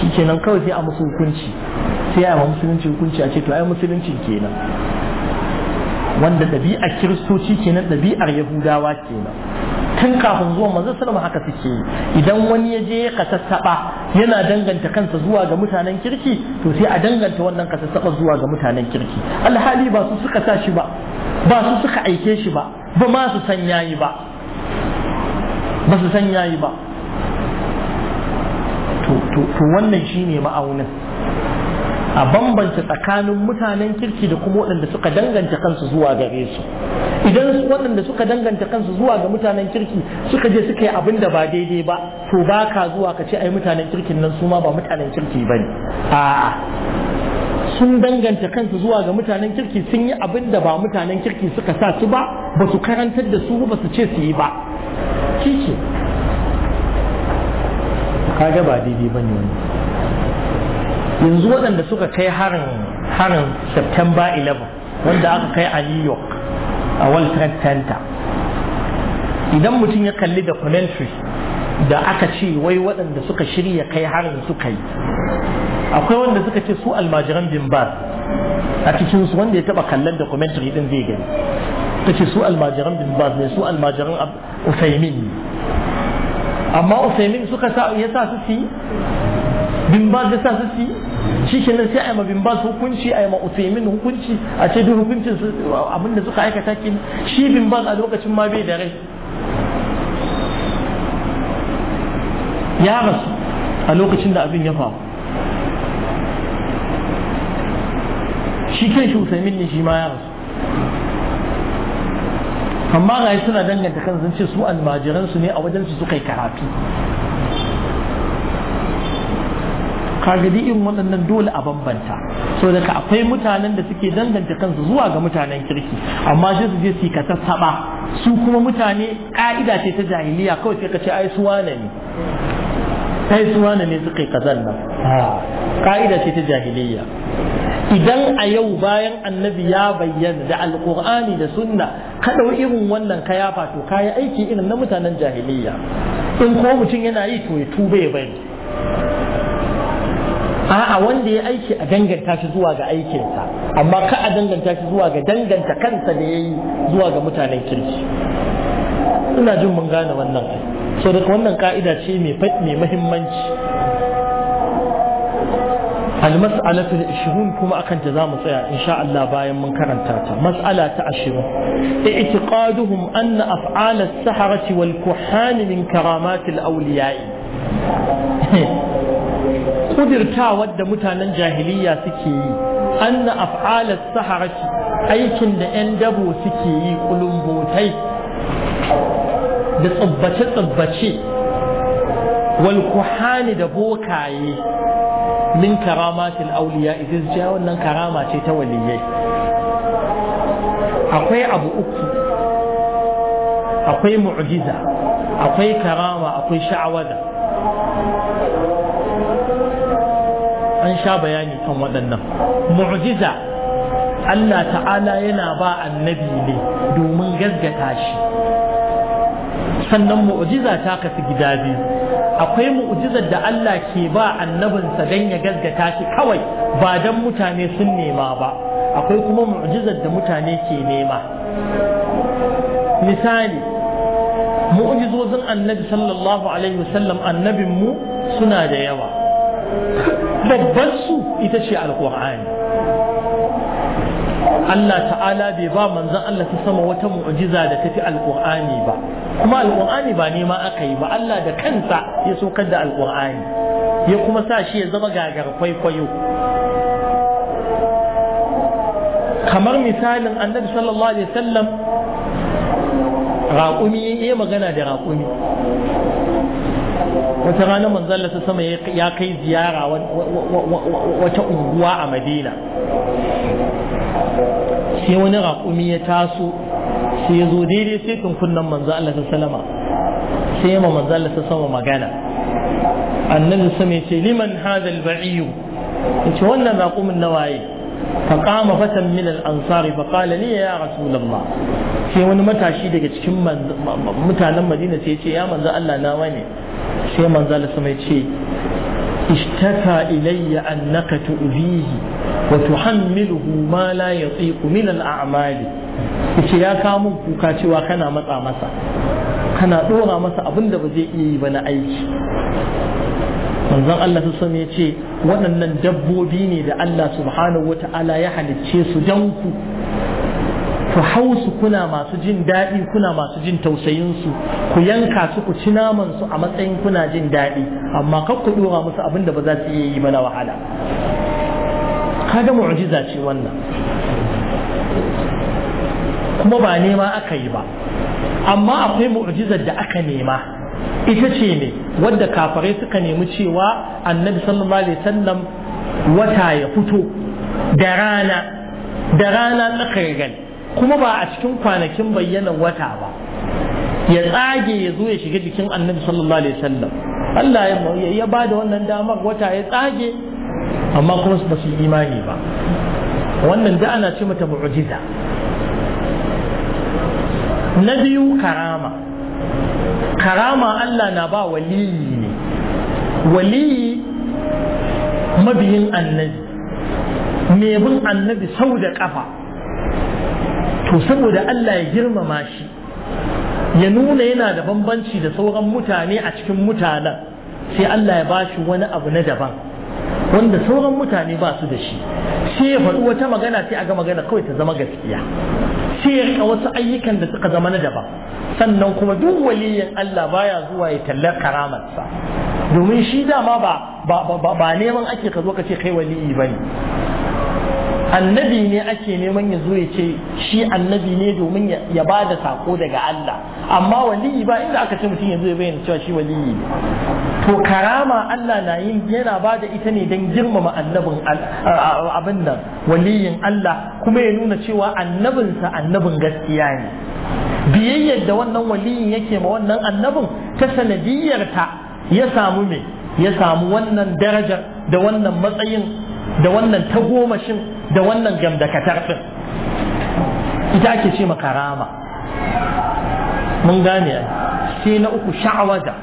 [SPEAKER 1] shi kenan kawai sai a musu hukunci sai a musulunci hukunci a ce to ai musulunci kenan wanda ɗabi'ar kiristoci kenan ɗabi'ar yahudawa kenan tun kafin zuwa manzon sallama haka suke yi idan wani ya je ya tattaba yana danganta kansa zuwa ga mutanen kirki to sai a danganta wannan katattaba zuwa ga mutanen kirki alhali ba su suka sa shi ba ba su suka aike shi ba ba ma su san yayi ba ba su san yayi ba to wannan shine ma'aunin a bambanta tsakanin mutanen kirki da kuma waɗanda suka danganta kansu zuwa gare su idan waɗanda suka danganta kansu zuwa ga mutanen kirki suka je suka yi abin da ba daidai ba to ba ka zuwa ka ce ai mutanen kirkin nan su ma ba mutanen kirki ba ne a'a sun danganta kansu zuwa ga mutanen kirki sun yi abin da ba mutanen kirki suka sa su ba ba su karantar da su ba su ce su yi ba shi kaga ba daidai ba ne wani yanzu waɗanda suka kai harin harin september 11 wanda aka kai a new york a world trade center idan mutum ya kalli documentary da aka ce wai waɗanda suka shirya kai harin suka yi akwai wanda suka ce su almajiran bin bas a cikin su wanda ya taba kallon documentary din zai gani ta ce su almajiran bin bas ne su almajiran usaimin ne amma usaimin suka sa ya sa su yi bin ba ya sa su su yi shi kenan sai a ma bin ba hukunci a ma usaimin hukunci a ce duk hukuncin su abinda suka aikata kin shi bin ba a lokacin ma bai da rai ya rasu a lokacin da abin ya faru shi kan shi usaimin ne shi ma ya rasu amma ga suna danganta kan sun ce su su ne a wajen su suka yi karatu kagadi irin waɗannan dole a bambanta so daga akwai mutanen da suke danganta kansu zuwa ga mutanen kirki amma shi su je su ka sassaɓa su kuma mutane ka'ida ce ta jahiliya kawai sai ka ce ai su wane ne ai su wane ne suka yi kazan nan ka'ida ah. ce ta jahiliya idan a yau bayan annabi ya bayyana da alkur'ani da sunna ka ɗau irin wannan ka to kayi aiki irin na mutanen jahiliya in ko mutum yana yi to ya tuba ya bari a'a wanda ya aiki a danganta shi zuwa ga aikinsa amma ka a danganta shi zuwa ga danganta kansa da ya yi zuwa ga mutanen kirki ina jin mun gane wannan so daga wannan ka'ida ce mai mahimmanci المسألة العشرون كما أكنت زام إن شاء الله باين من كرنتاتا مسألة عشرون اعتقادهم أن أفعال السحرة والكحان من كرامات الأولياء قدر تاود متانا جاهلية سكي أن أفعال السحرة aikin da 'yan dabo suke yi kulumbotai da tsubbace-tsubbace walkuhani da bokaye min karamatil auliya gaskiya wannan karama ce ta waliyai akwai abu uku akwai mu'jiza akwai karama akwai sha'awada an sha bayani kan waɗannan mu'jiza Allah ta'ala yana ba annabi ne domin gaggata shi sannan mu'jiza ta kasu gida biyu akwai mu'jizar da Allah ke ba annabinsa dan ya gaskata shi kawai ba dan mutane sun nema ba akwai kuma mu'jizar da mutane ke nema misali mu'jizozin annabi sallallahu alaihi wasallam annabin mu suna da yawa babban su ita ce alqur'ani Allah ta'ala bai ba manzon Allah ta sama wata mu'jiza da ta fi Al'ƙur'ani ba kuma Al'ƙur'ani ba nema aka yi ba Allah da kansa ya saukar da Al'ƙur'ani, ya kuma sa shi ya zama gagar kwaikwayo kamar misalin annabi sallallahu alaihi wasallam raƙumi ya magana da raƙumi wata rana manzon ta sama ya kai ziyara wata unguwa a madina sai wani raƙumi ya taso sai ya zo daidai sai tunkunan manzo Allah ta salama sai ma manzo Allah ta sama magana annabi sama ya ce liman hadha al-ba'iyu yace wannan raƙumin na waye فقام فتى من الأنصار فقال لي يا رسول الله sai wani matashi daga cikin mutanen madina sai ya ce ya manzo Allah na wane sai Manza sama ya ce اشتكى إلي أنك تؤذيه وتحمله ما لا يطيق من الأعمال yace ya kawo kuka cewa kana matsa masa kana dora masa abin da ba zai iya yi ba na aiki manzon Allah sun ya ce waɗannan dabbobi ne da Allah subhanahu wata'ala ya halicce su dan ku ku hausu kuna masu jin daɗi kuna masu jin su ku yanka su ku ci naman su a matsayin kuna jin daɗi amma kar ku ɗora musu abin da ba za su iya yi mana wahala kaga mu'jiza ce wannan kuma ba nema aka yi ba amma akwai mu'jizar da aka nema ita ce ne wadda kafarai suka nemi cewa annabi sallallahu alaihi wasallam wata ya fito da rana da rana tsakar gani kuma ba a cikin kwanakin bayyana wata ba ya tsage ya zo ya shiga jikin annabi sallallahu alaihi wasallam Allah ya ba da wannan damar wata ya tsage amma kuma ba su imani ba wannan da ana ce mata mu'jiza na biyu karama karama Allah na ba waliyi ne waliyi mabiyin annabi mai bin annabi sau da kafa to saboda Allah ya girmama shi ya nuna yana da bambanci da sauran mutane a cikin mutanen sai Allah ya bashi wani abu na daban wanda sauran mutane ba su da shi sai ya faɗi wata magana sai a ga magana kawai ta zama gaskiya sai ya rika wasu ayyukan da suka zama na daban sannan kuma duk waliyin Allah baya zuwa ya tallar karamarsa domin shi dama ba ba ba neman ake ka zo ka ce kai waliyi bane annabi ne ake neman ya zo ya ce shi annabi ne domin ya ba da sako daga Allah amma waliyi ba inda aka ce mutum ya zo ya bayyana cewa shi waliyi ne to karama Allah na yin yana ba da ita ne don girmama annabin abin nan waliyin Allah kuma ya nuna cewa annabinsa annabin gaskiya ne biyayyar da wannan waliyin yake ma wannan annabin ta sanadiyarta ya samu me ya samu wannan darajar da wannan matsayin da wannan tagomashin da wannan gamdakatar ɗin ita ake ce karama mun gane sai na uku sha'awaza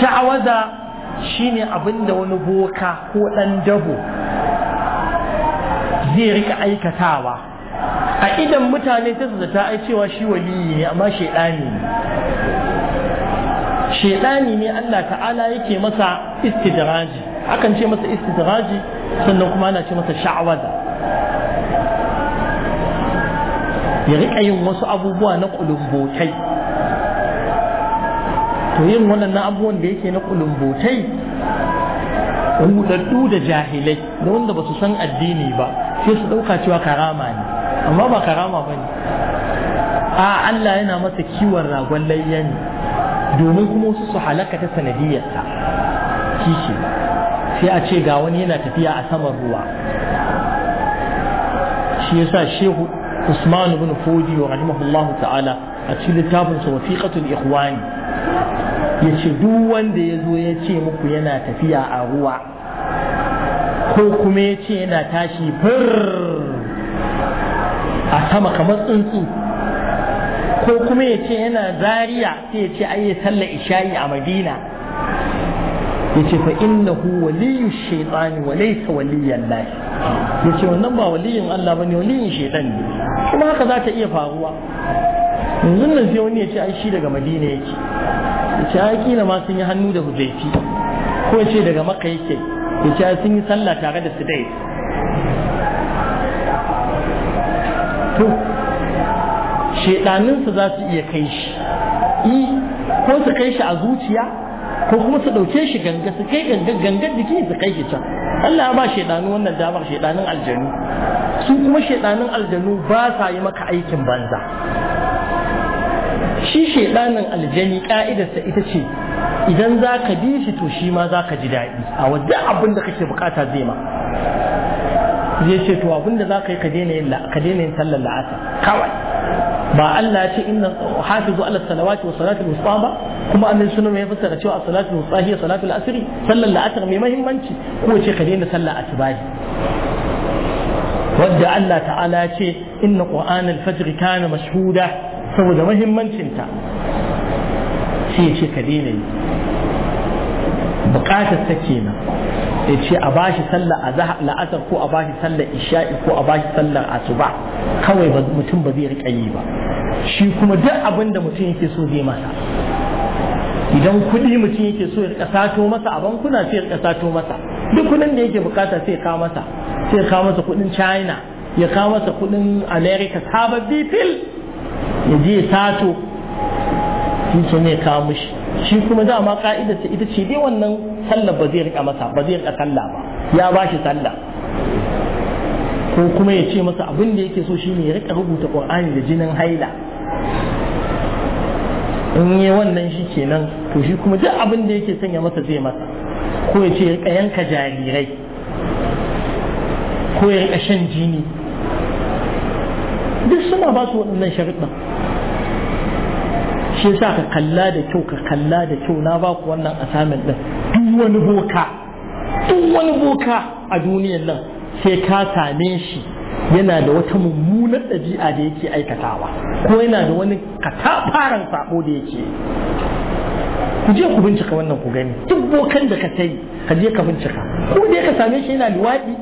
[SPEAKER 1] sha'awaza shine abin da wani boka ko ɗan dabo zai rika aikatawa a idan mutane ta zata cewa shi waliyi ne amma shaidani ne shaidani ne Allah ta'ala yake masa istidraji akan ce masa istidraji sannan kuma ana ce masa sha'awaza ya rika yin wasu abubuwa na kulumbotai to yin wannan abubuwan da yake na kulumbotai rudaddu da jahilai da wanda ba su san addini ba sai su ɗauka cewa karama ne amma ba karama ba ne a Allah yana masa kiwon ragon layya ne domin kuma wasu su halaka ta sanadiyarsa kishi sai a ce ga wani yana tafiya a saman ruwa shi yasa shehu usman ibn fodi wa rahimahullahu ta'ala a cikin littafin sa wasiqatul ikhwani yace duk wanda ya zo ya ce muku yana tafiya a ruwa ko kuma ya ce yana tashi fir a sama kamar tsuntsu ko kuma ya ce yana zariya sai ya ce ai ya isha'i a madina yace fa innahu waliyyu shaytani wa laysa waliyyan lahi yace wannan ba waliyin Allah bane waliyin shaytan ne kuma haka za ta iya faruwa yanzu nan sai wani yace ai shi daga Madina yake yace ai kila ma sun yi hannu da Hudayfi ko yace daga Makka yake yace ai sun yi sallah tare da Sudai to su za su iya kai shi ko su kai shi a zuciya ko kuma su ɗauke shi ganga su kai ganga gangan jiki su kai shi can Allah ba shaidanu wannan damar shaidanun aljanu su kuma shaidanun aljanu ba sa yi maka aikin banza shi shaidanin aljani ka'idarsa ita ce idan za ka bi shi to shi ma za ka ji daɗi a wadda abin da kake bukata zai ma zai ce to abin da za ka yi ka daina yin sallar la'asa kawai ba Allah ya ce inna hafizu ala salawati wa salati al ba kuma annabi sunan ya fassara cewa salatu musahi salatu al-asri sallar la'asar mai mahimmanci ko ce ka daina sallar asbahi wadda Allah ta'ala ce inna qur'an al-fajr kana mashhuda saboda muhimmancin ta sai ya ce ka daina yi bukatar ta kenan ya ce a bashi sallar la'asar ko a bashi sallar isha'i ko a bashi sallar asuba kawai mutum ba zai riƙa yi ba shi kuma duk abin da mutum yake so zai masa idan kuɗi mutum yake so ya sato masa a bankuna sai ya sato masa duk kuɗin da yake bukata sai ya kawo masa sai ya kawo masa kuɗin china ya kawo masa kuɗin america sababbi fil ya je ya sato shi ne ya kawo mushi shi kuma ka'ida ka'idarsa ita ce dai wannan sallar ba zai rika masa ba zai rika sallah ba ya ba shi sallah ko kuma ya ce masa abin da yake so shi ne ya rika rubuta qur'ani da jinin haila in yi wannan shi kenan to shi kuma duk abin da yake sanya masa zai masa ko ya ce ya rika yanka jarirai ko ya rika shan jini duk suna ba su waɗannan sharuɗa shi yasa ka kalla da kyau ka kalla da kyau na ba ku wannan assignment din duk wani boka duk wani boka a duniyar nan sai ka same shi yana da wata mummunar ɗabi'a da yake aikatawa ko yana da wani katafaren sako da yake ku je ku bincika wannan ku gani duk bokan da ka sai ka je ka bincika ko dai ka same shi yana liwaɗi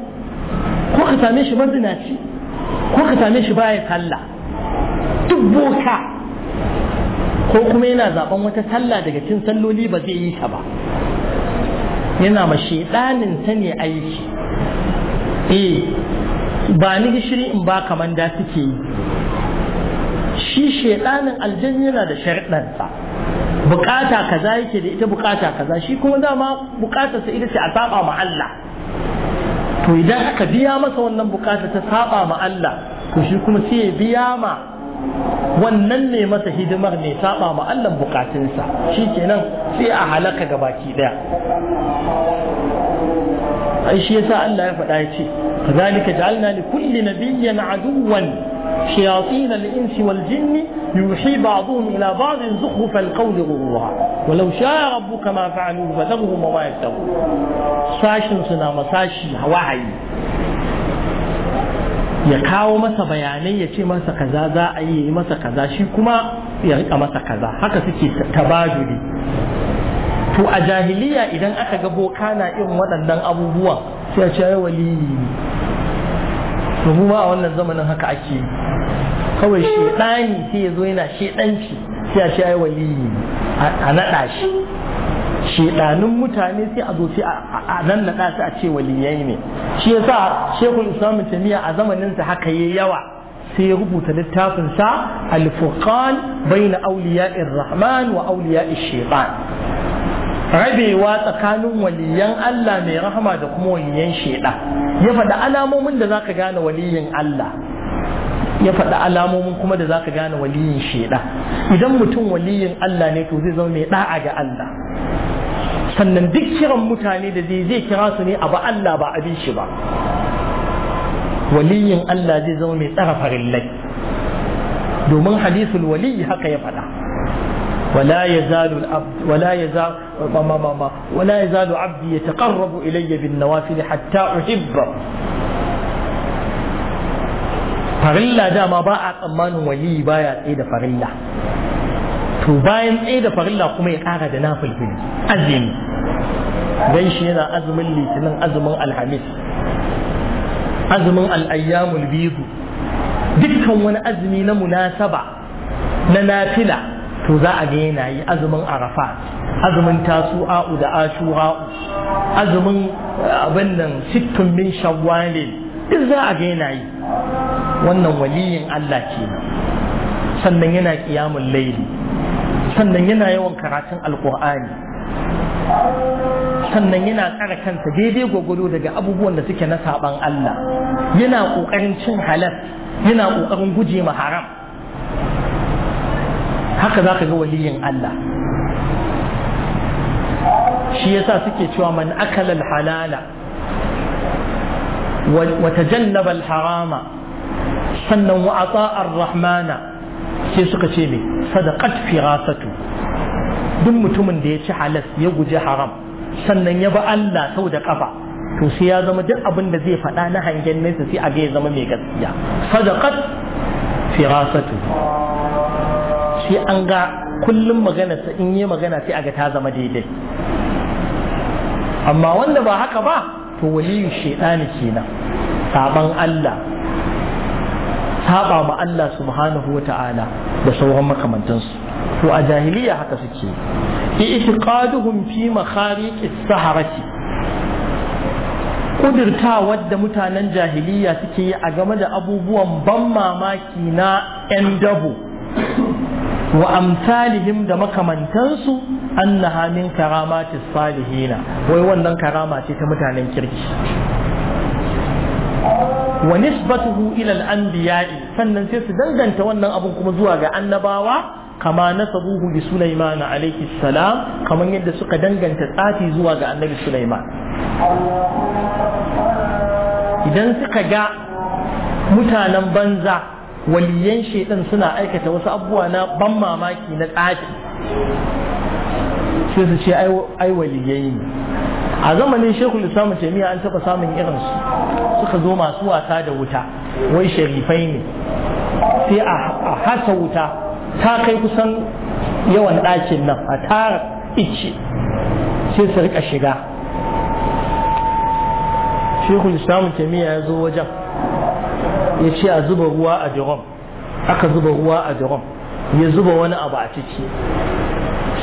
[SPEAKER 1] ko ka same shi mazinaci ko ka same shi baya sallah duk boka ko kuma yana zaben wata sallah daga cin salloli ba zai yi ta ba yana ma shedanin ta ne aiki eh ba ni gishiri in ba kaman da suke yi shi shedanin aljan yana da sharɗansa bukata kaza yake da ita bukata kaza shi kuma dama bukatar sa ita ce a saba ma Allah to idan aka biya masa wannan bukata ta saba ma Allah to shi kuma sai ya biya ma wannan ne masa hidimar ne saba ma Allah bukatunsa kenan sai a halaka gabaki daya ai shi yasa Allah ya faɗa ya ce kazalika ja'alna li kulli nabiyyin aduwwan شياطين الإنس والجن يوحي بعضهم إلى بعض زخرف القول غرورا ولو شاء ربك ما فعلوا فذرهم وما يفترون ساشن سنا مساشي وعي يكاو مسا بياني يتي مسا كذا ذا أي مسا كذا شي كما يعني مسا كذا حكا سكي تباجدي تو أجاهلية إذن أكا قبو كان إم ودن دن أبو بوا سيأتي أولي to mu ma a wannan zamanin haka ake yi kawai shedani sai ya zo yana shedanci sai a ce ai waliyi a naɗa shi shedanun mutane sai a zo sai a nan naɗa su a ce waliyai ne shi yasa shekul islam tamiya a zamanin sa haka yayi yawa sai ya rubuta littafin sa al-furqan bayna awliya'ir rahman wa awliya'ir shaytan rabewa tsakanin waliyan Allah mai rahama da kuma waliyan sheda ya faɗi alamomin da zaka gane waliyin Allah ya faɗi alamomin kuma da zaka gane waliyin sheda idan mutum waliyin Allah ne to zai zama mai da'a ga Allah sannan duk kiran mutane da zai zai kira su ne abu Allah ba abin shi ba waliyin Allah zai zama mai tsara farillai domin hadisul waliyyi haka ya faɗa ولا يزال العبد ولا يزال ما ما ما ولا يزال عبدي يتقرب الي بالنوافل حتى احبه فغلا دا ما باع امان ولي بايع ايد فغلا تو باين ايد فغلا كما يقاغ نافل في ازم غيش هنا ازم اللي تنن ازم الحميس ازم الايام البيض دكا وانا ازمي نمنا سبع ننافله to za a ga yana yi azumin arafa azumin tasu'a'u da ashura'u azumin eh, abin nan sittun min shawwalin duk za a ga yana yi wannan waliyin Allah ke sannan yana kiyamun laili sannan yana yawan karatun alkur'ani sannan yana tsara kansa daidai gwagwado daga abubuwan da suke na saban Allah yana ƙoƙarin cin halal yana ƙoƙarin guje ma haram haka za ka ga waliyin Allah shi yasa suke cewa man akala halala wa tajannaba harama sannan wa ata'ar rahmana sai suka ce me sadaqat firasatu duk mutumin da ya ci halas ya guji haram sannan ya ba Allah sau da kafa to sai ya zama duk abin da zai faɗa na hangen nesa sai a ga ya zama mai gaskiya sadaqat firasatu sai an ga kullum maganarsa in yi magana sai a ga ta zama daidai amma wanda ba haka ba to waliyu shaidani kenan saban Allah saba ma Allah subhanahu wa ta'ala da sauran makamantansu to a jahiliya haka suke i'tiqaduhum fi makhariq as-saharati kudirta wadda mutanen jahiliya suke yi a game da abubuwan ban mamaki na 'yan dabo wa amsalihim da makamantansu annaha min karamatis salihina wai wannan karama ce ta mutanen kirki wa nisbatuhu ila al-anbiya'i sannan sai su danganta wannan abun kuma zuwa ga annabawa kama nasabuhu bi Sulaiman alayhi salam kaman yadda suka danganta tsafi zuwa ga annabi Sulaiman idan suka ga mutanen banza waliyan shaidan suna aikata wasu abubuwa na ban mamaki na tsafi sai su ce ai waliyai ne a zamanin shekul islamu jami'a an taɓa samun irinsu suka zo masu wasa da wuta wai sharifai ne sai a hasa wuta ta kai kusan yawan ɗakin nan a tara ice sai su rika shiga shekul islamu jami'a ya zo wajen ya ce a zuba ruwa a jerom aka zuba ruwa a jerom ya zuba wani abu a ciki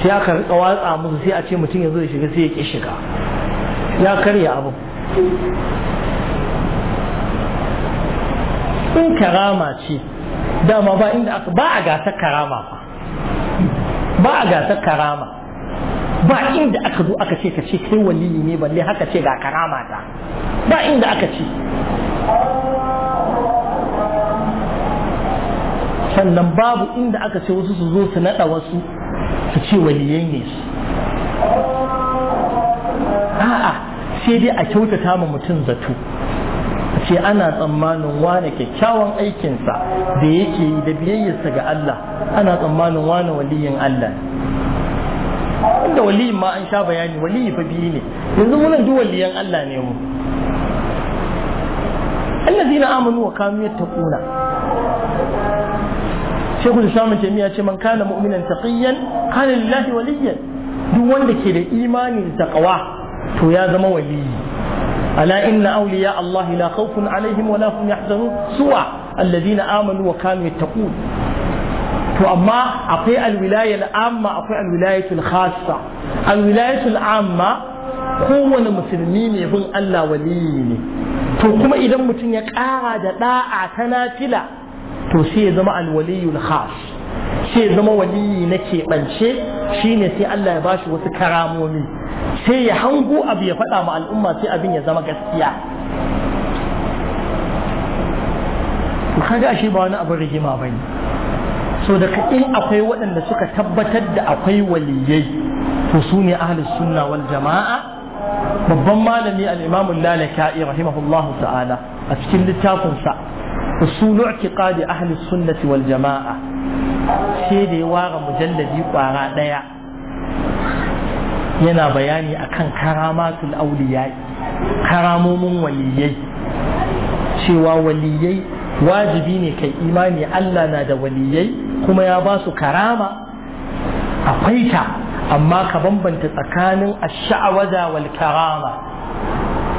[SPEAKER 1] sai aka rika watsa musu sai a ce mutum ya zo ya shiga sai ya ki shiga ya karya abu in karama ce dama ba inda aka ba a gasar karama ba ba a gasar karama ba inda aka zo aka ce ka ce kai waliyi ne balle haka ce ga karama ta ba inda aka ce sannan babu inda aka ce wasu su zo su naɗa wasu su ce waliyai ne su a'a sai dai a kyautata ma mutum zato ce ana tsammanin wane kyakkyawan aikinsa da yake yi da biyayyarsa ga Allah ana tsammanin wane waliyin Allah inda waliyin ma an sha bayani waliyi fa biyu ne yanzu munan duk waliyan Allah ne mu allazina amanu wa kanu yattaquna shekul islamun jami'a ce man kana mu'minan taqiyyan kana lillahi waliyyan duk wanda ke da imani da taqwa to ya zama wali ala inna awliya allah la khawfun alaihim wa la hum yahzanun suwa alladhina amanu wa kanu yattaqun to amma akwai alwilaya al'amma akwai alwilayatul khassa alwilayatul amma kowane musulmi ne bin allah wali ne to kuma idan mutum ya ƙara da ɗa'a ta nafila to sai ya zama alwaliyul khas sai ya zama waliyi na keɓance shine sai Allah ya bashi wasu karamomi sai ya hango abu ya faɗa ma al'umma sai abin ya zama gaskiya kaga ashe ba wani abin rigima ne. so daga in akwai waɗanda suka tabbatar da akwai waliyai to su ne ahlus sunna wal jama'a babban malami al-imam lalaka'i rahimahullahu ta'ala a cikin littafinsa usul i'tiqadi ahli sunnati wal jama'a sai da ya ware mujalladi kwara daya yana bayani akan karamatul awliya karamomin waliyai cewa waliyai wajibi ne kai imani Allah na da waliyai kuma ya basu karama akwai ta amma ka bambanta tsakanin ash-sha'awaza wal karama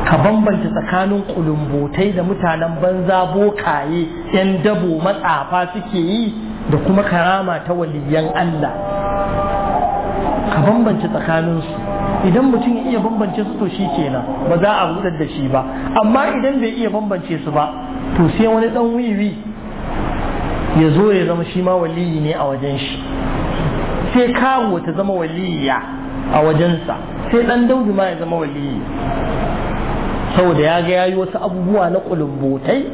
[SPEAKER 1] ka bambanta tsakanin kulumbotai da mutanen banza bokaye yan dabo matsafa suke yi da kuma karama ta waliyan Allah ka bambanta su idan mutum ya iya bambance su to shi kenan ba za a rudar da shi ba amma idan bai iya bambance su ba to sai wani dan wiwi ya zo ya zama shi ma waliyi ne a wajen shi sai kawo ta zama waliya a wajensa sai dan daudu ma ya zama waliyi saboda ya ga yayi wasu abubuwa na kulumbotai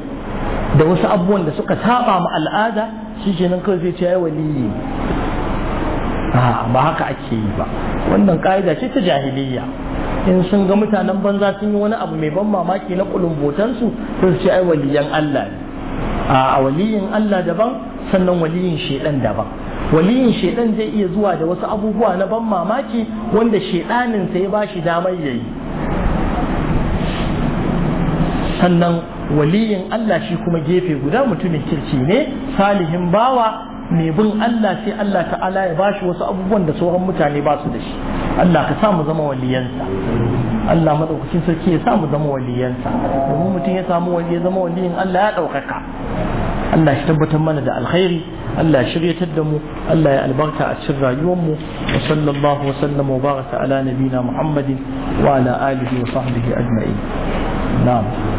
[SPEAKER 1] da wasu abubuwan da suka saba ma al'ada shi nan kawai zai ce ya yi waliyi ah, ba haka ake yi ba wannan ka'ida ce ta jahiliya in sun ga mutanen banza sun yi wani abu mai ban mamaki na kulumbotansu sai su ce ai waliyan Allah ne a waliyin Allah daban sannan waliyin shedan daban waliyin shedan zai iya zuwa da wasu abubuwa na ban mamaki wanda shedanin sai ba shi damar yayi sannan waliyin Allah shi kuma gefe guda mutumin kirki ne salihin bawa mai bin Allah sai Allah ta'ala ya bashi wasu abubuwan da sauran mutane ba su da shi Allah ka sa mu zama waliyansa Allah madaukakin sarki ya sa mu zama waliyansa domin mutum ya samu wali ya zama waliyin Allah ya ɗaukaka Allah shi tabbatar mana da alkhairi Allah shiryatar da mu Allah ya albarka a cikin rayuwar mu wa sallallahu wa sallama wa baraka ala nabina Muhammadin wa ala alihi wa sahbihi ajma'in na'am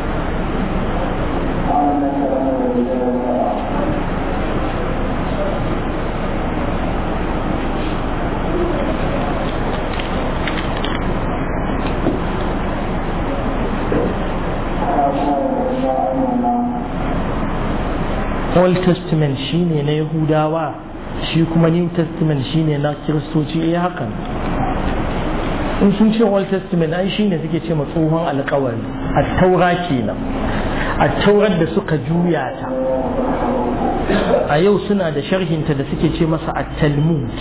[SPEAKER 1] old testament shine na yahudawa shi kuma new testament shine na kiristoci ya eh, hakan in sun ce old testament ai shine suke ce ma tsohon alkawari a taura kenan a taurar da suka juya ta a yau suna da sharhinta da suke ce masa a talmud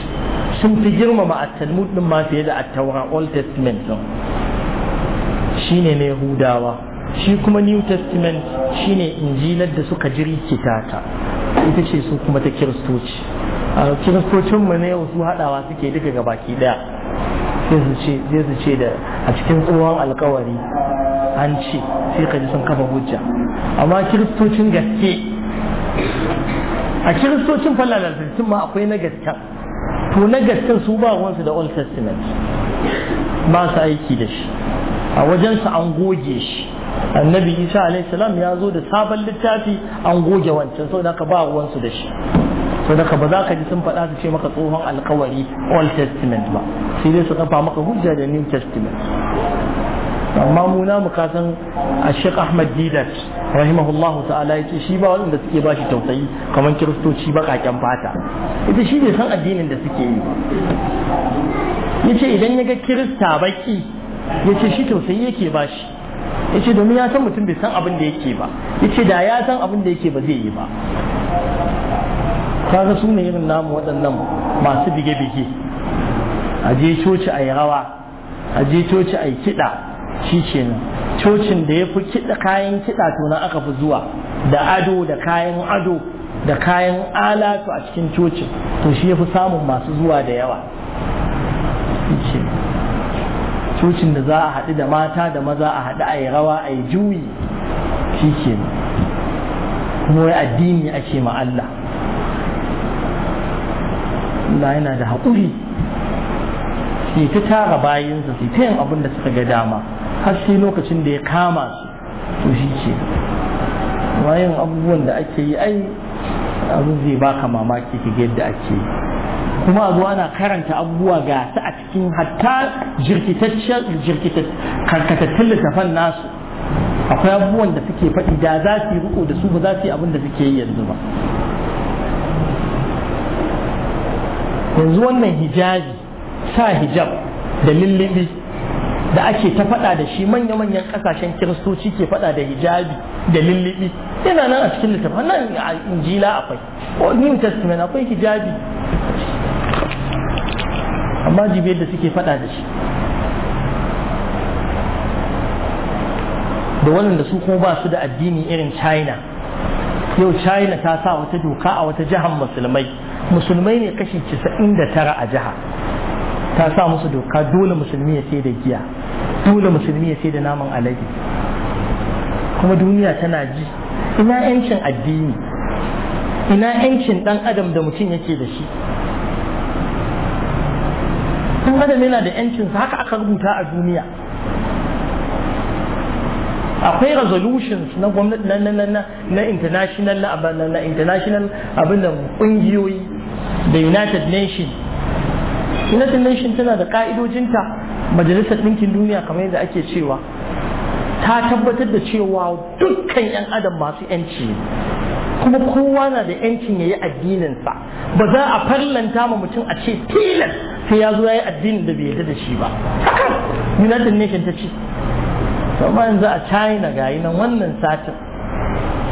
[SPEAKER 1] sun fi girmama a talmud din ma fiye da a taura old testament Shi ne na yahudawa shi kuma new testament shine injilar da suka jirkita tata ita ce su kuma ta kiristoci a kiristocin mu ne yau su hadawa suke duka ga baki daya zai su ce da a cikin tsohon alkawari an ce sai ka ji sun kafa hujja amma kiristocin gaske a kiristocin falalatattun ma akwai na gaskan to na gaskan su ba wansu da old testament ba su aiki da shi a wajensu an goge shi annabi isa alaihi salam ya zo da sabon littafi an goge wancan sau da ka ba ruwansu da shi sau da ka ba za ka ji sun faɗa su ce maka tsohon alkawari old testament ba sai dai su kafa maka hujja da new testament amma muna na mu kasan ashek ahmad didat rahimahullah ta'ala ya ce shi ba wanda suke ba shi tausayi kamar kiristoci baƙaƙen fata ita shi bai san addinin da suke yi ya ce idan ya ga kirista baki ya ce shi tausayi yake ba shi yace domin ya san mutum bai san abin da yake ba yace da ya san abin da yake ba zai yi ba kaga su ne irin namu waɗannan masu bige-bige a je coci a yi rawa a je coci a yi kiɗa shi kenan cocin da ya fi kayan kiɗa to na aka fi zuwa da ado da kayan ado da kayan alatu a cikin cocin to shi ya fi samun masu zuwa da yawa cocin da za a haɗu da mata da maza a haɗu a yi rawa a yi juyi shi ke kuma wai addini ake ma Allah Allah yana da haƙuri sai ta tara bayansa su ta yin abin da suka ga dama har sai lokacin da ya kama su to shi ke wayan abubuwan da ake yi ai abin zai baka mamaki ka yadda ake yi kuma a na karanta abubuwa ga su a cikin hatta karkatattun littafan nasu akwai abubuwan da suke faɗi da za su yi riko da su ba za su yi abin da suke yi yanzu ba yanzu wannan hijabi sa hijab da lullubi da ake ta faɗa da shi manya-manyan ƙasashen kiristoci ke faɗa da hijabi da lullubi yana nan a cikin littafan nan injila akwai new testament akwai hijabi amma jibiyar da suke faɗa da shi da waɗanda su kuma ba su da addini irin china yau china ta sa wata doka a wata jihar musulmai musulmai ne kashi 99 a jiha ta sa musu doka dole musulmi ya sai da giya dole musulmi ya sai da naman alade kuma duniya tana ji ina yancin addini ina yancin dan adam da mutum yake da shi adam yana da yancinsa haka aka rubuta a duniya akwai resolutions na gwamnati na na na international na na international abin da kungiyoyi da United Nations United Nations tana da ka'idojinta majalisar ɗinkin duniya kamar yadda ake cewa ta tabbatar da cewa dukkan 'yan adam masu 'yanci kuma kowa na da 'yancin ya yi addininsa ba za a farlanta ma mutum a ce tilas sai ya zo ya yi addinin da bai yadda da shi ba united nation ta ce amma yanzu a china ga nan wannan satin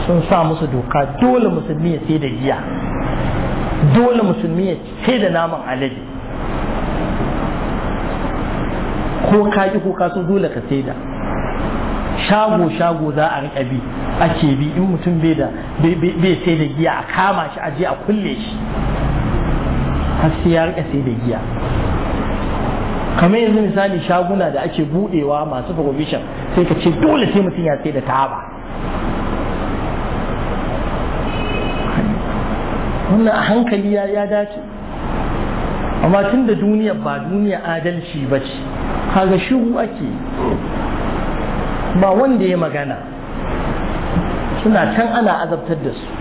[SPEAKER 1] sun sa musu doka dole musulmi ya sai da giya dole musulmi ya sai da naman alade ko ka ko ka so dole ka sai da shago shago za a riƙa bi ake bi in mutum bai sai da giya a kama shi aje a kulle shi har sai ya rika sai da giya kamar yanzu misali shaguna da ake budewa masu provision sai ka ce dole sai mutum ya sai da taba wannan a hankali ya dace amma tun da duniya ba duniya adalci ba ce kaga shiru ake ba wanda ya magana suna can ana azabtar da su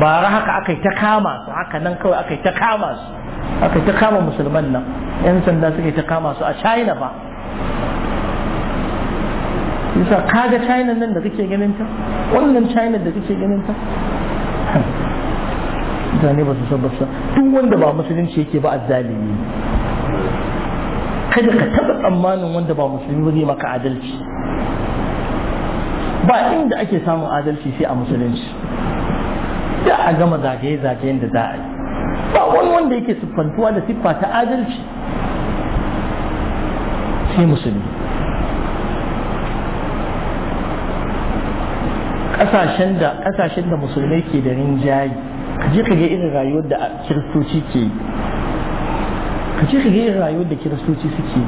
[SPEAKER 1] ra haka aka yi ta kama su haka nan kawai aka yi ta kama su aka yi ta kama musulman nan yan sanda suka yi ta kama su a china ba yasa kaga china nan da kake ganin ta wannan china da kake ganin ta mutane ba su san ba duk wanda ba musulunci yake ba azzalimi kada ka taba tsammanin wanda ba musulmi ba zai maka adalci ba inda ake samun adalci sai a musulunci da a gama zagaye-zagayen da za a yi ba wani wanda yake siffantuwa da siffa ta adalci sai musulmi ƙasashen da ƙasashen da musulmai ke da rinjaye ka je ka ga irin rayuwar da kiristoci ke yi ka je ka ga irin rayuwar da kiristoci suke yi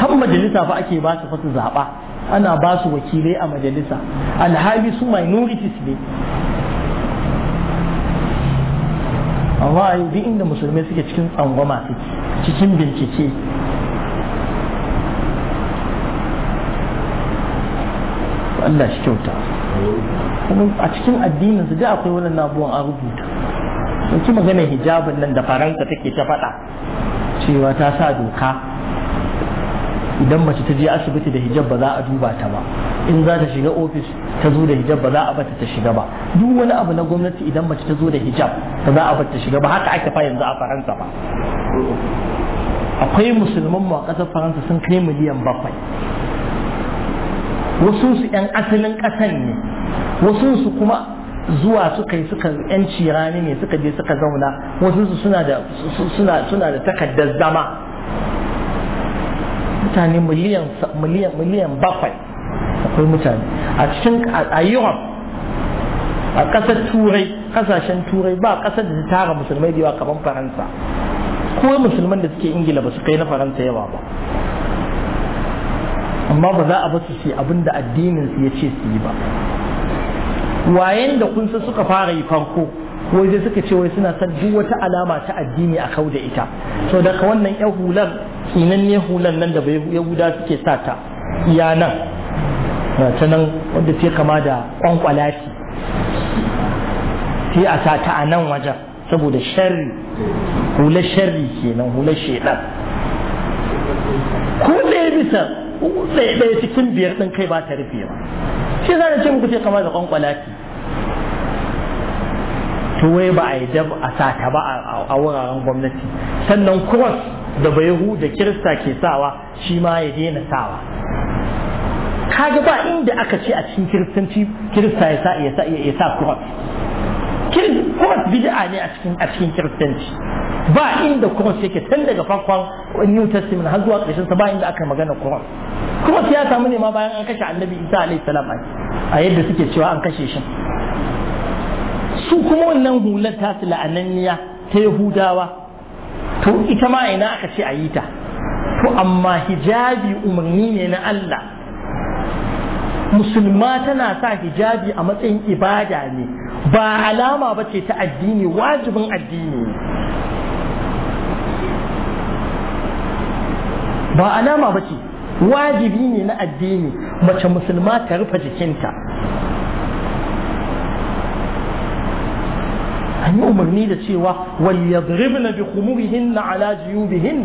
[SPEAKER 1] har majalisa fa ake ba su fasa zaɓa ana ba su wakilai a majalisa alhali su minorities ne amma a yau duk inda musulmi suke cikin tsangwama cikin bincike Allah shi kyauta a cikin addinin su da akwai wannan abubuwan an rubuta sun ci magana hijabin nan da faransa take ta faɗa cewa ta sa doka idan mace ta je asibiti da hijab ba za a duba ta ba in za ta shiga ofis ta zo da hijab ba za a bata ta shiga ba duk wani abu na gwamnati idan mace ta zo da hijab ba za a bata ta shiga ba haka ake fa yanzu a faransa ba akwai musulman a ƙasar faransa sun kai miliyan bakwai wasu su 'yan asalin ƙasan ne wasu su kuma zuwa suka yi suka yanci rani ne suka je suka zauna wasu su suna da takardar zama mutane miliyan bakwai akwai mutane a cikin a Europe a ƙasar turai ƙasashen turai ba ƙasar da ta tara musulmai da yawa kamar faransa ko musulman da suke ingila ba su kai na faransa yawa ba amma ba za a basu su abin da addinin su ya ce su yi ba wayan da kunsa suka fara yi farko wai sai suka ce wai suna san duk wata alama ta addini a kau da ita so daga wannan yan hular kinan ne hular nan da yahuda suke sa ta iya nan ta nan wanda ta kama da kwankwalati sai a sa ta a nan wajen saboda sharri hular sharri kenan hular shedan ko ɗaya bisa ɗaya cikin biyar ɗin kai ba ta rufe ba shi zai ce muku ce kama da kwankwalati to wai ba a dab a sata ba a wuraren gwamnati sannan cross da bayahu da kirista ke sawa shi ma ya daina sawa kaga ba inda aka ce a cikin kiristanci kirista ya sa ya sa ya sa cross cross bid'a ne a cikin a cikin kiristanci ba inda cross yake tun daga farkon new testament har zuwa ƙarshen sa ba inda aka magana cross cross ya samu ne ma bayan an kashe annabi isa alaihi salam a yadda suke cewa an kashe shi su kuma wannan hular su la'ananniya ta yahudawa to ita ma ina aka ce a yi ta to amma hijabi umarni ne na Allah musulma tana sa hijabi a matsayin ibada ne ba alama ba ce ta addini wajibin addini ba alama ba ce wajibi ne na addini mace musulma ta rufe jikinta an yi umarni da cewa waliyadribna bi khumurihinna ala jiyubihin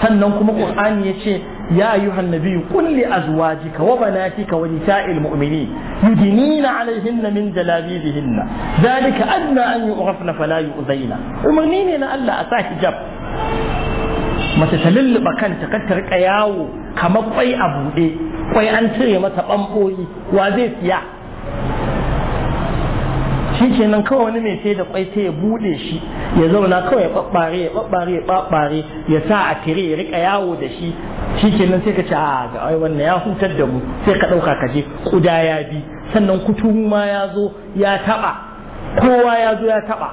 [SPEAKER 1] sannan kuma qur'ani yace ya ayyuhan nabiyyu qul li azwajika wa banatika wa nisa'il mu'minin yudinina alayhinna min jalabibihinna dhalika adna an yu'rafna fala yu'zaina umarni ne na Allah a sa hijab mace ta lulluɓa kanta kar ta rika yawo kamar kwai a buɗe kwai an cire mata ɓamɓoyi wa zai siya shi kenan kawai wani mai sai da kwai sai ya bude shi ya zauna kawai ya babbare ya babbare ya babbare ya sa a tire ya rika yawo da shi shi nan sai ka ce a ga ai wannan ya hutar da mu sai ka ɗauka ka je kuda ya bi sannan kuturu ma ya zo ya taba kowa ya zo ya taba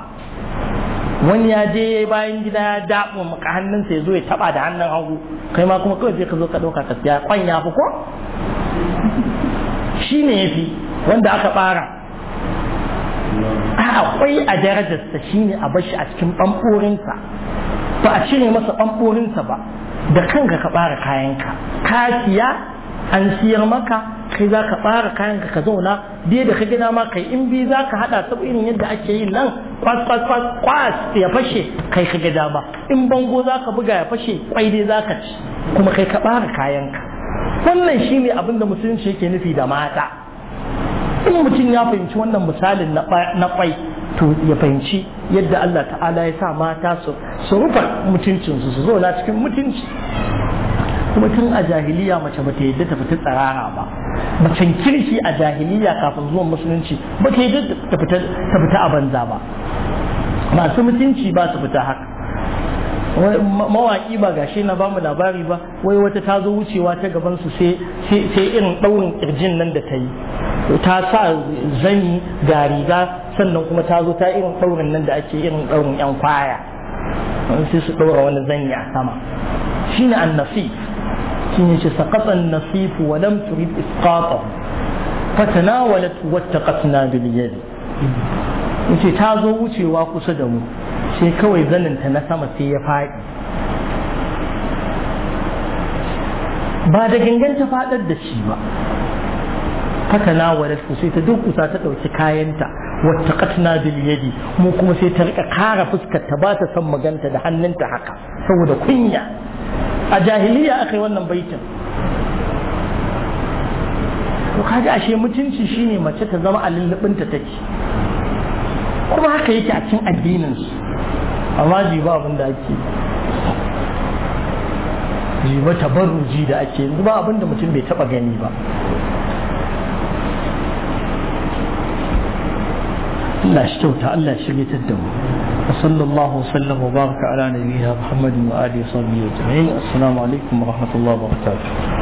[SPEAKER 1] wani ya je ya bayan gida ya daɓo maka hannunsa ya zo ya taba da hannun hagu kai ma kuma kawai sai ka zo ka dauka ka siya kwan ya fi ko shi ne ya fi wanda aka ɓara. akwai a darajarsa shine a bashi a cikin ɓamɓorinsa ba a cire masa ɓamɓorinsa ba da kanka ka ɓara kayanka ka siya an siyar maka kai za ka ɓara kayanka ka zauna dai da ka gina ma kai in bi za ka haɗa saboda irin yadda ake yin nan kwas kwas kwas kwas ya fashe kai ka gida ba in bango za ka buga ya fashe kwai dai za ka ci kuma kai ka ɓara kayanka wannan shine abin da musulunci yake nufi da mata in mutum ya fahimci wannan misalin na kwai to ya fahimci yadda Allah ta'ala ya sa mata su rufa mutuncinsu su zo na cikin mutunci kuma tun a jahiliya mace ba ta yadda ta fita tsirara ba macen kirki a jahiliya kafin zuwan musulunci ba ta yadda ta fita a banza ba masu mutunci ba su fita haka mawaki ba gashi na bamu labari ba wai wata ta zo wucewa ta gaban su sai sai irin daurin kirjin nan da ta yi ta sa zani ga riga sannan kuma ta zo ta irin daurin nan da ake irin daurin yan kwaya sai su daura wani zani a sama shine annasif shine ce saqatan nasif wa lam turid isqata wa wattaqatna bil yadi yace ta zo wucewa kusa da mu sai kawai zaninta na sama sai ya faɗi ba da ta faɗar da shi ba haka na ta sai ta ta ɗauki kayanta wata katna biliyadi mu kuma sai ta rika kara fuskar ta ba ta son maganta da hannunta haka saboda kunya a jahiliya aka yi wannan baitin to kaji ashe mutunci shine mace ta zama a lullubinta take kuma haka yake a cikin addinin su amma jiba abin da ake jiba tabarruji da ake yanzu ba abin mutum bai taba gani ba Allah shi kyauta Allah shi mai tattabu وصلى الله وسلم وبارك على نبينا محمد وآله وصحبه السلام عليكم ورحمة الله وبركاته